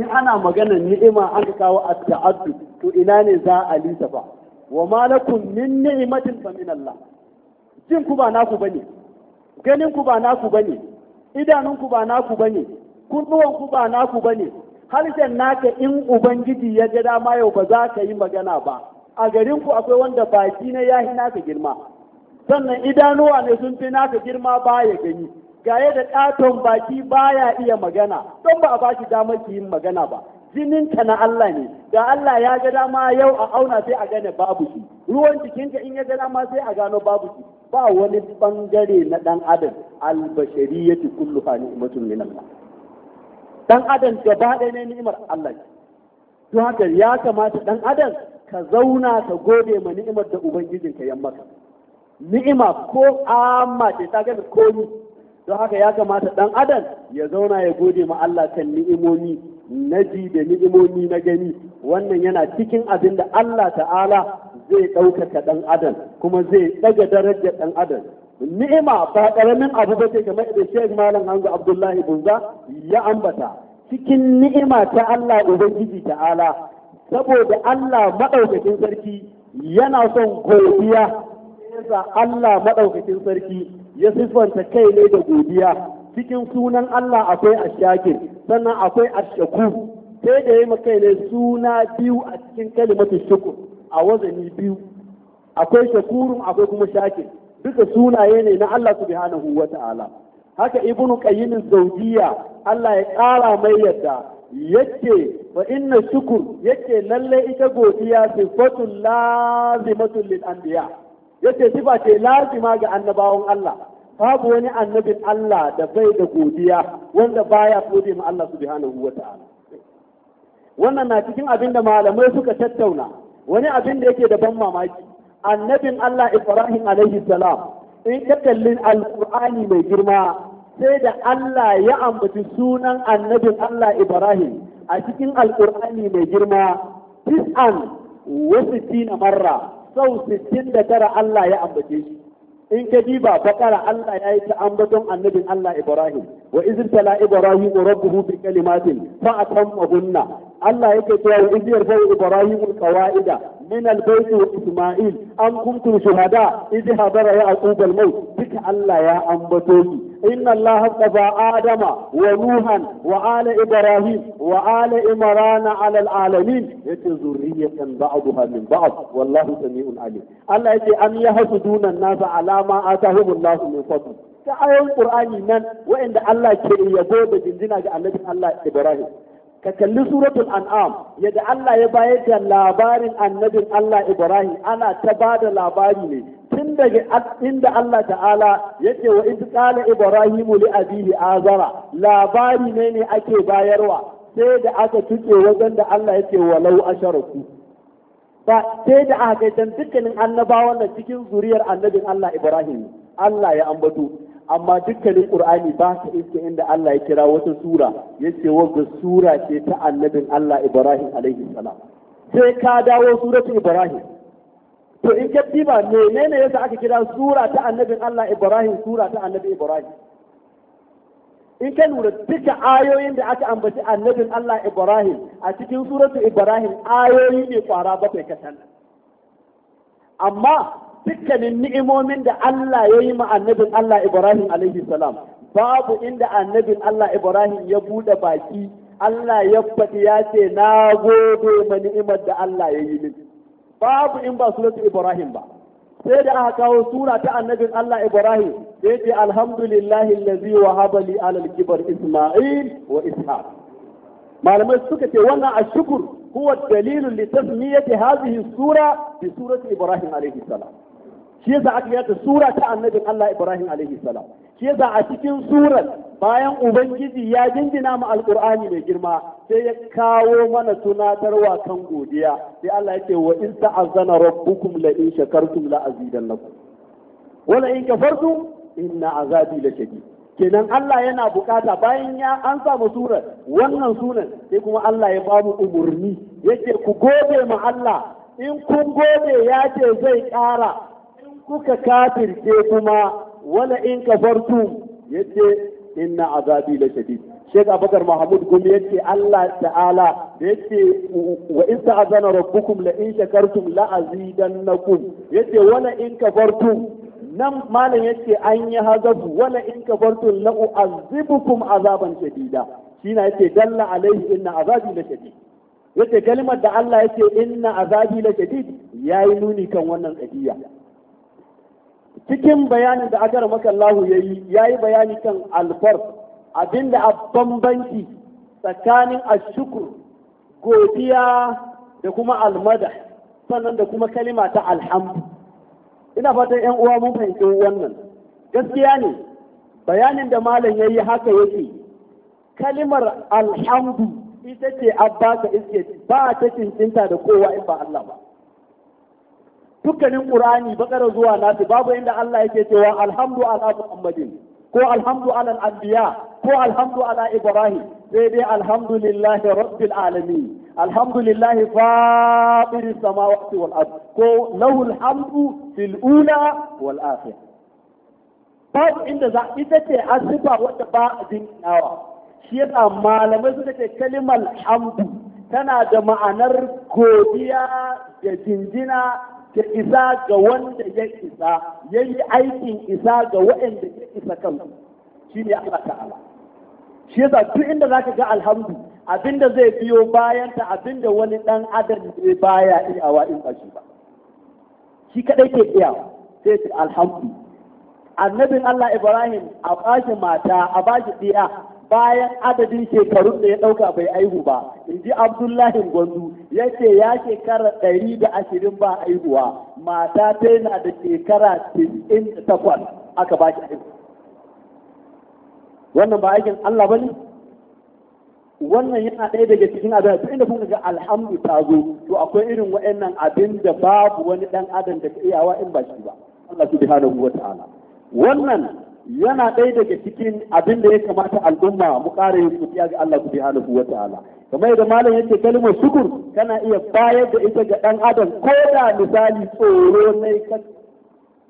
[SPEAKER 3] in ana maganar ni'ima an kawo at'addu to ina ne za a lissafa wa malakum min ni'matin fa min Allah jin ku ba naku bane ganin ku ba naku bane idanun ku ba naku bane kunnuwan ku ba naku bane harshen naka in ubangiji ya ga dama yau ba za ka yi magana ba a garin ku akwai wanda baki na yahi naka girma sannan idanuwa ne sun fi naka girma ba ya gani gaye da ɗaton baki baya iya magana don ba a ba shi damar ki yin magana ba jininka na Allah ne da Allah ya ga dama yau a auna sai a gane babu shi ruwan jikinka in ya ga dama sai a gano babu shi ba wani bangare na dan adam albashariyati kulluha ni'matun min dan adam gaba ɗaya ne ni'imar Allah to haka ya kamata dan adam ka zauna ka gode ma ni'imar da ubangijin ka maka ni'ima ko amma ce ta gani ni? To haka ya kamata ɗan adam ya zauna ya gode ma Allah kan ni'imomi na ji da ni'imomi na gani wannan yana cikin abin da Allah ta'ala zai ɗaukaka ɗan adam kuma zai ɗaga darajar ɗan adam ni'ima ba ƙaramin abu ba ce kamar da shek Malam Hanzu Abdullahi Bunza ya ambata cikin ni'ima ta Allah Ubangiji ta'ala saboda Allah maɗaukakin sarki yana son godiya yasa Allah maɗaukakin sarki ya siffanta kai ne da godiya cikin sunan Allah akwai ashakir sannan akwai ashaku sai da ya kai ne suna biyu a cikin kalimatu shukur a wazani biyu akwai shakurun akwai kuma shakin duka sunaye ne na Allah subhanahu wa haka ibnu qayyim Saudiyya Allah ya ƙara mai yadda yake fa inna shukur yake lalle ita godiya sifatun lazimatul lil anbiya yake sifa ce lazima ga annabawan Allah babu wani annabin Allah da bai da godiya wanda baya gode ma Allah subhanahu wa wannan na cikin abinda malamai suka tattauna wani abin da yake da ban mamaki annabin Allah Ibrahim alaihi salam in ka kalli alqur'ani mai girma sai da Allah ya ambaci sunan annabin Allah Ibrahim a cikin alqur'ani mai girma tis'an wa sittina marra sau sittin da tara Allah ya ambace shi in ka diba bakara Allah ya yi ta ambaton annabin Allah Ibrahim wa izin tala Ibrahim rabbuhu bi kalimatin fa atamma hunna Allah yake cewa in biyar fa Ibrahim al-qawaida min al-bayt wa Isma'il an kuntum shuhada idh hadara ya'qub al-maut duka Allah ya ambato su inna Allah qaba adama wa nuhan wa ala ibrahim wa ala imran ala al-alamin yace zurriyatan ba'daha min ba'd wallahu sami'un alim Allah yake an yahsuduna an-nasa ala ma atahum Allah min fadl ta ayoyin Qur'ani nan wa'inda Allah ke yabo da jinjina ga annabi Allah Ibrahim ka kalli suratul an'am yadda Allah ya bayar da labarin annabin Allah Ibrahim ana ta ba da labari ne tun daga inda Allah ta'ala ya ce wa idh qala ibrahimu li abihi azara labari ne ne ake bayarwa sai da aka tuke wajen da Allah ya ce walau asharaku ba sai da aka kai dukkanin annabawan da cikin zuriyar annabin Allah Ibrahim Allah ya ambato amma dukkanin ƙur'ani ba su iske inda Allah ya kira wata sura ya ce wanda sura ce ta annabin Allah Ibrahim alaihi salam sai ka dawo suratu Ibrahim to in ka diba menene yasa aka kira sura ta annabin Allah Ibrahim sura ta annabi Ibrahim in ka lura duka ayoyin da aka ambaci annabin Allah Ibrahim a cikin suratu Ibrahim ayoyi ne kwara bakwai kasan amma dukkanin ni'imomin da Allah ya yi ma annabin Allah Ibrahim alaihi salam babu inda annabin Allah Ibrahim ya buɗe baki Allah ya faɗi ya ce na gode ma ni'imar da Allah ya yi min babu in ba suratul Ibrahim ba sai da aka kawo sura ta annabin Allah Ibrahim da ya alhamdulillahi allazi wa habali alal kibar Isma'il wa Ishaq malamai suka ce wannan ashkur huwa dalilun li tasmiyati hadhihi sura bi surati Ibrahim alaihi salam shi yasa aka yata sura ta annabin Allah Ibrahim alaihi salam shi yasa a cikin surar bayan ubangiji ya jinjina mu alqur'ani mai girma sai ya kawo mana tunatarwa kan godiya sai Allah yake wa in ta'azzana rabbukum la in shakartum la azidannakum wala in kafartum inna azabi lashadid kenan Allah yana bukata bayan ya an samu surar wannan sunan sai kuma Allah ya bamu umurni yake ku gode ma Allah in kun gode ya ce zai ƙara kuka kafirce kuma wala in ka kafartum yace inna azabi la shadid Sheikh Abubakar Mahmud Gumi yace Allah ta'ala da yace wa in ta'azana rabbukum la in shakartum la azidannakum yace wala in ka fartu? nan malam yace an yi hazafu wala in ka fartu la u'azzibukum azaban shadida shine yace dalla alaihi inna azabi la shadid yace kalmar da Allah yace inna azabi la shadid yayi nuni kan wannan kadiya cikin bayanin da agar maka Allah ya yi ya yi bayani kan alfar abinda a bambanci tsakanin ashukur godiya da kuma almada sannan da kuma kalima ta alhamdu ina fatan yan uwa mun fahimci wannan gaskiya ne bayanin da malam ya yi haka yake kalimar alhamdu ita ce abba ka iske ba ta cincinta da kowa in ba Allah ba dukkanin qur'ani bakara zuwa nasi babu inda Allah yake cewa alhamdu ala muhammadin ko alhamdu ala anbiya ko alhamdu ala ibrahim sai dai alhamdulillahi rabbil alamin alhamdulillahi fatiri samawati wal ard ko lahu alhamdu fil ula wal akhirah babu inda za ita ce asifa wadda ba a jinnawa shi yasa malamai su ce kalimar hamdu tana da ma'anar godiya da jinjina ya isa ga wanda ya isa ya yi aikin isa ga waɗanda ya isa kansu shi ne Allah ta'ala shi yasa duk inda zaka ga alhamdu abinda zai biyo bayan ta abinda wani dan adam zai baya iyawa in ba ba shi kadai ke iya sai ce alhamdu annabin Allah Ibrahim a bashi mata a bashi diya bayan adadin shekarun da ya ɗauka bai aihu ba in ji abdullahi Gwanzu ya ce ya shekara ɗari da ashirin ba aihuwa mata ta yana da shekara tis'in takwas aka ba shi aihu wannan ba aikin Allah ba ne wannan yana ɗaya daga cikin abin da inda kuka ga alhamdu ta zo to akwai irin wa'annan abin da babu wani ɗan adam da ka iyawa in ba shi ba Allah subhanahu wa ta'ala wannan yana ɗaya daga cikin abin da ya kamata al'umma mu ƙara yin kuɗiya ga Allah subhanahu wa ta'ala kamar yadda malam yake kalmar shukur kana iya bayar da ita ga ɗan adam ko da misali tsoro sai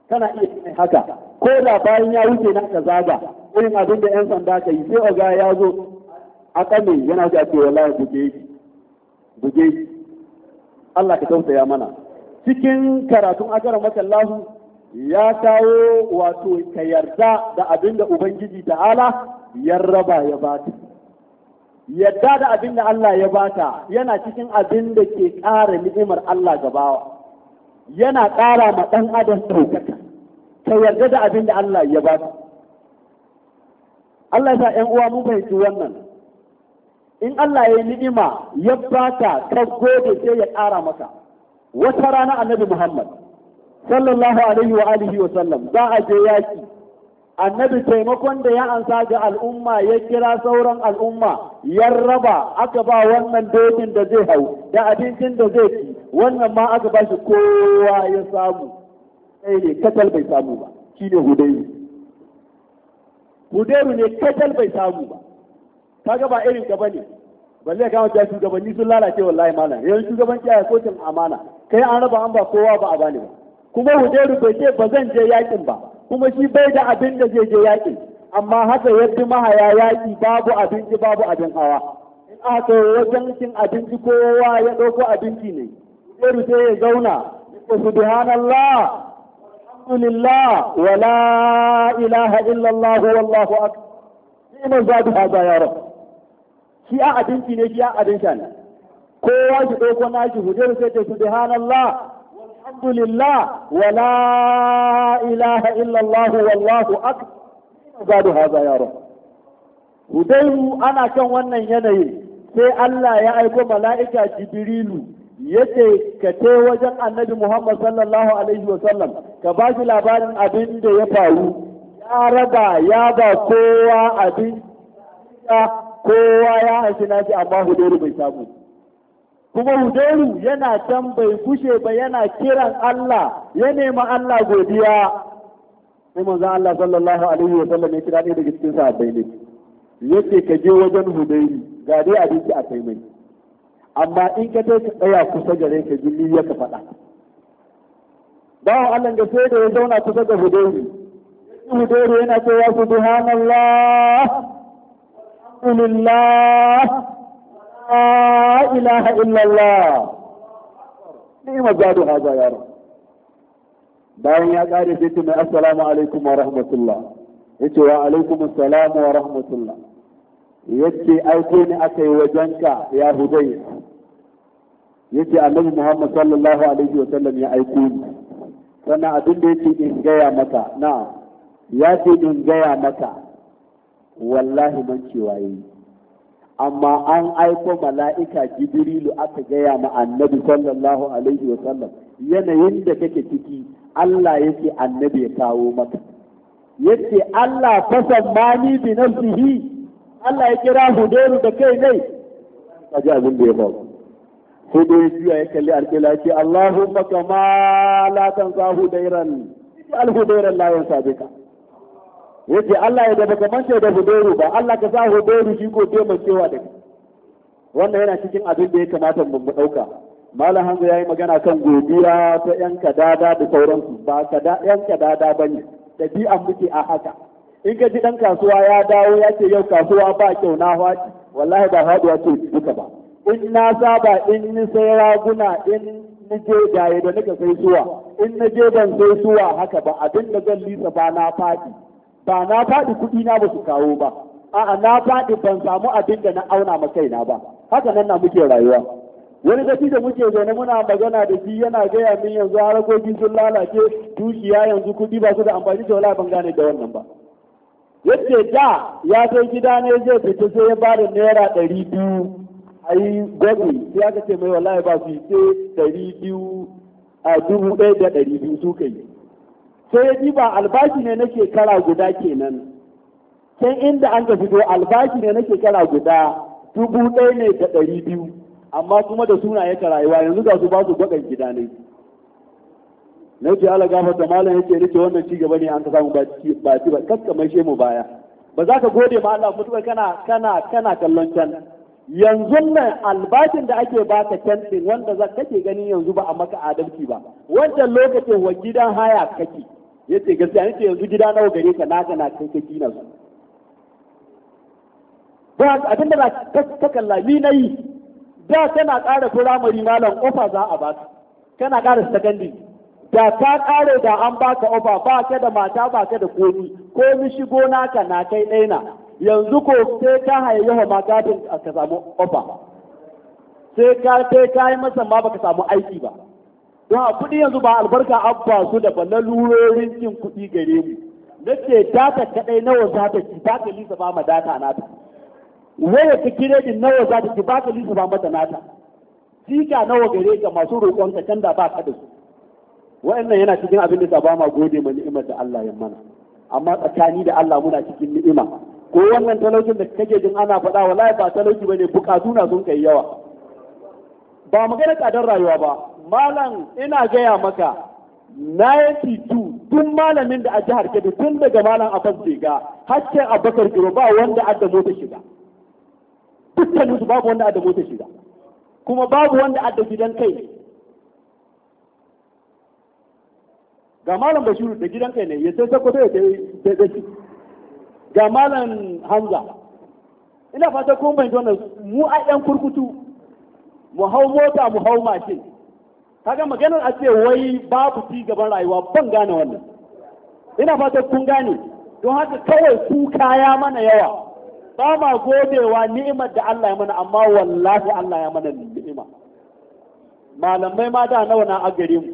[SPEAKER 3] kana iya yin haka ko da bayan ya wuce na ka zaga irin abin da 'yan sanda ka yi sai oga ya zo a ƙame yana ga ce wallahi buge buge Allah ka tausaya mana cikin karatun agara masallahu ya kawo wato ka yarda da abin da Ubangiji ta'ala ya raba ya bata. Yarda da abin da Allah ya bata yana cikin abin da ke ƙara ni'imar Allah gabawa, yana ƙara ma ɗan adam ɗaukaka, ka yarda da abin da Allah ya bata. Allah ya sa ‘yan uwa mun fahimci wannan, in Allah ya yi ni'ima ya bata ka gode sai ya ƙara maka, wata rana annabi Muhammad. sallallahu alaihi wa alihi wa sallam za a je yaki annabi taimakon da ya ansa ga al'umma ya kira sauran al'umma ya raba aka ba wannan dokin da zai hau da abincin da zai ci wannan ma aka ba shi kowa ya samu sai ne katal bai samu ba shi ne hudairu hudairu ne katal bai samu ba kaga ba irin gaba ne balle ka mace shugabanni sun lalace wallahi malam yanzu shugabanci a kotun amana kai an raba an ba kowa ba a bani ba kuma Hudairu bai ce ba zan je yakin ba kuma shi bai da abin da zai je yakin amma haka yadda mahaya yaki babu abinci babu abin hawa in aka wajen cin abinci kowa ya ɗauko abinci ne Hudairu sai ya zauna ya subhanallah alhamdulillah wa la ilaha illallah wallahu akbar ne zabi haza ya rab shi a abinci ne shi a abin sha ne kowa shi ɗauko shi. Hudairu sai ta subhanallah الحمد لله ولا إله إلا الله والله أكبر قالوا هذا يا رب ودايو أنا كان وانا يني sai Allah ya aiko mala'ika Jibrilu ya ce ka te wajen annabi Muhammad sallallahu Alaihi wasallam ka ba shi labarin abin da ya faru ya raba ya ba kowa abin kowa ya hasina shi amma hudu bai samu kuma Hudairu yana can bai kushe ba yana kiran Allah ya nema Allah godiya sai manzon Allah sallallahu alaihi wa sallam ya kira ne
[SPEAKER 1] daga cikin sahabbai ne yace ka je wajen Hudairu ga dai abinci a kai mai
[SPEAKER 3] amma in ka ka tsaya kusa gare ka jini ya ka faɗa bawan Allah ga sai da ya zauna kusa ga Hudairu Hudairu yana cewa subhanallah Alhamdulillah ilaha illallah ma gado haza yaron bayan ya kare sai ce mai assalamu alaikum wa rahmatullah yace wa alaikum assalam wa rahmatullah yace aiko ne aka yi wajenka ya hudai yace annabi muhammad sallallahu alaihi wa sallam ya aiko ni sannan abin da yake in gaya maka na ya ce in gaya maka wallahi man cewa yi amma an aiko mala'ika jibrilu aka gaya ma annabi sallallahu alaihi wa sallam yanayin da kake ciki Allah yake annabi ya kawo maka yace Allah fasammani bi nafsihi Allah ya kira Hudairu da kai ne a ji abin da ya faru sai ya juya ya kalli alƙila ce Allahumma kama la tansa Hudairan al Hudairan la yansa yace Allah ya da baka da hudoru ba Allah ka sa hudoru shi ko cewa da wannan yana cikin abin da ya kamata mu mu dauka malam hanzo yayi magana kan godiya ta yan kadada da sauransu ba kada yan kadada bane dabi'an muke a haka in ka ji dan kasuwa ya dawo ya ce yau kasuwa ba kyau na haɗi. wallahi ba haɗuwa ce duka ba in na saba in ni sai raguna in ni je jaye da nika sai suwa in na je ban sai suwa haka ba abin da zan lisa ba na faɗi ba na faɗi kuɗi na ba su kawo ba a'a na faɗi ban samu abin da na auna ma kaina ba haka nan na muke rayuwa wani gaci da muke zaune muna magana da shi yana gaya min yanzu harakoki sun lalace dukiya yanzu kuɗi ba su da amfani da wala ban gane da wannan ba yadda da ya kai gida ne zai fita sai ya ba da naira ɗari biyu a yi gwagwi sai aka ce mai wallahi ba su yi sai ɗari biyu a dubu ɗaya da ɗari biyu su kai sai ya ba albashi ne nake kara guda kenan sai inda an ga fito albashi ne nake kara guda dubu ɗaya ne da ɗari biyu amma kuma da suna ya rayuwa yanzu ga su ba su gwaɗan gida ne na ce ala gafarta malam yake rike wannan ci gaba ne an ta samu ba ci ba kakka kaska mai shemu baya ba za ka gode ma Allah mutuwa kana kana kana kallon can yanzu nan albashin da ake baka can din wanda za kake gani yanzu ba a maka adalci ba wancan lokacin wa gidan haya kake ya ce gaskiya ni ce yanzu gida nawa gare ka na kana kai ka gina su ba abin da ta kalla ni na yi da kana ƙara firamare malam ofa za a ba ka kana ƙara sakandare da ka ƙare da an baka ofa ba ka da mata ba ka da komi komi shigo naka na kai ɗaya na yanzu ko sai ka hayayyawa ma kafin ka samu ofa sai ka sai ka yi masa ma baka samu aiki ba don a kuɗi yanzu ba albarka Abba su da lurorin cin kuɗi gare mu nace data kaɗai nawa za ta ci ba ka lisa ba ma data nata waya ka kiredin nawa za ta ci ba ka lisa ba mata nata jika nawa gare ka masu roƙon ka can da ba ka da su wa'annan yana cikin abin da ba ma gode ma ni'imar da Allah ya mana amma tsakani da Allah muna cikin ni'ima ko wannan talaucin da kake jin ana faɗa wallahi ba talauci bane bukatu na sun kai yawa ba magana tsadar rayuwa ba malam ina gaya maka 92 tun malamin da a jihar Kebbi tun daga malam Abbas Jega hakkin Abubakar Giro ba wanda adda mota shiga dukkanin su babu wanda adda mota shiga kuma babu wanda adda gidan kai ga malam Bashiru da gidan kai ne ya sai sakwato ya sai da shi ga malam Hanza ina fata kun bai mu a yan kurkutu mu hau mota mu hau mashin kaga maganar a ce wai babu ci gaban rayuwa ban gane wannan ina fata kun gane don haka kawai kuka ya mana yawa ba ma godewa ni'imar da Allah ya mana amma wallahi Allah ya mana ni'ima malamai ma da nawa na a gare mu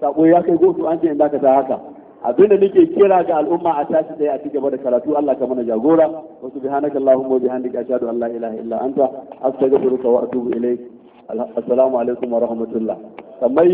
[SPEAKER 3] sabo ya kai goto an ce in zaka ta haka abinda nake kira ga al'umma a tashi dai a ci gaba da karatu Allah ka mana jagora wa allahumma wa bihamdika ashhadu an la ilaha illa anta astaghfiruka wa atubu ilayk assalamu alaikum wa rahmatullah kamar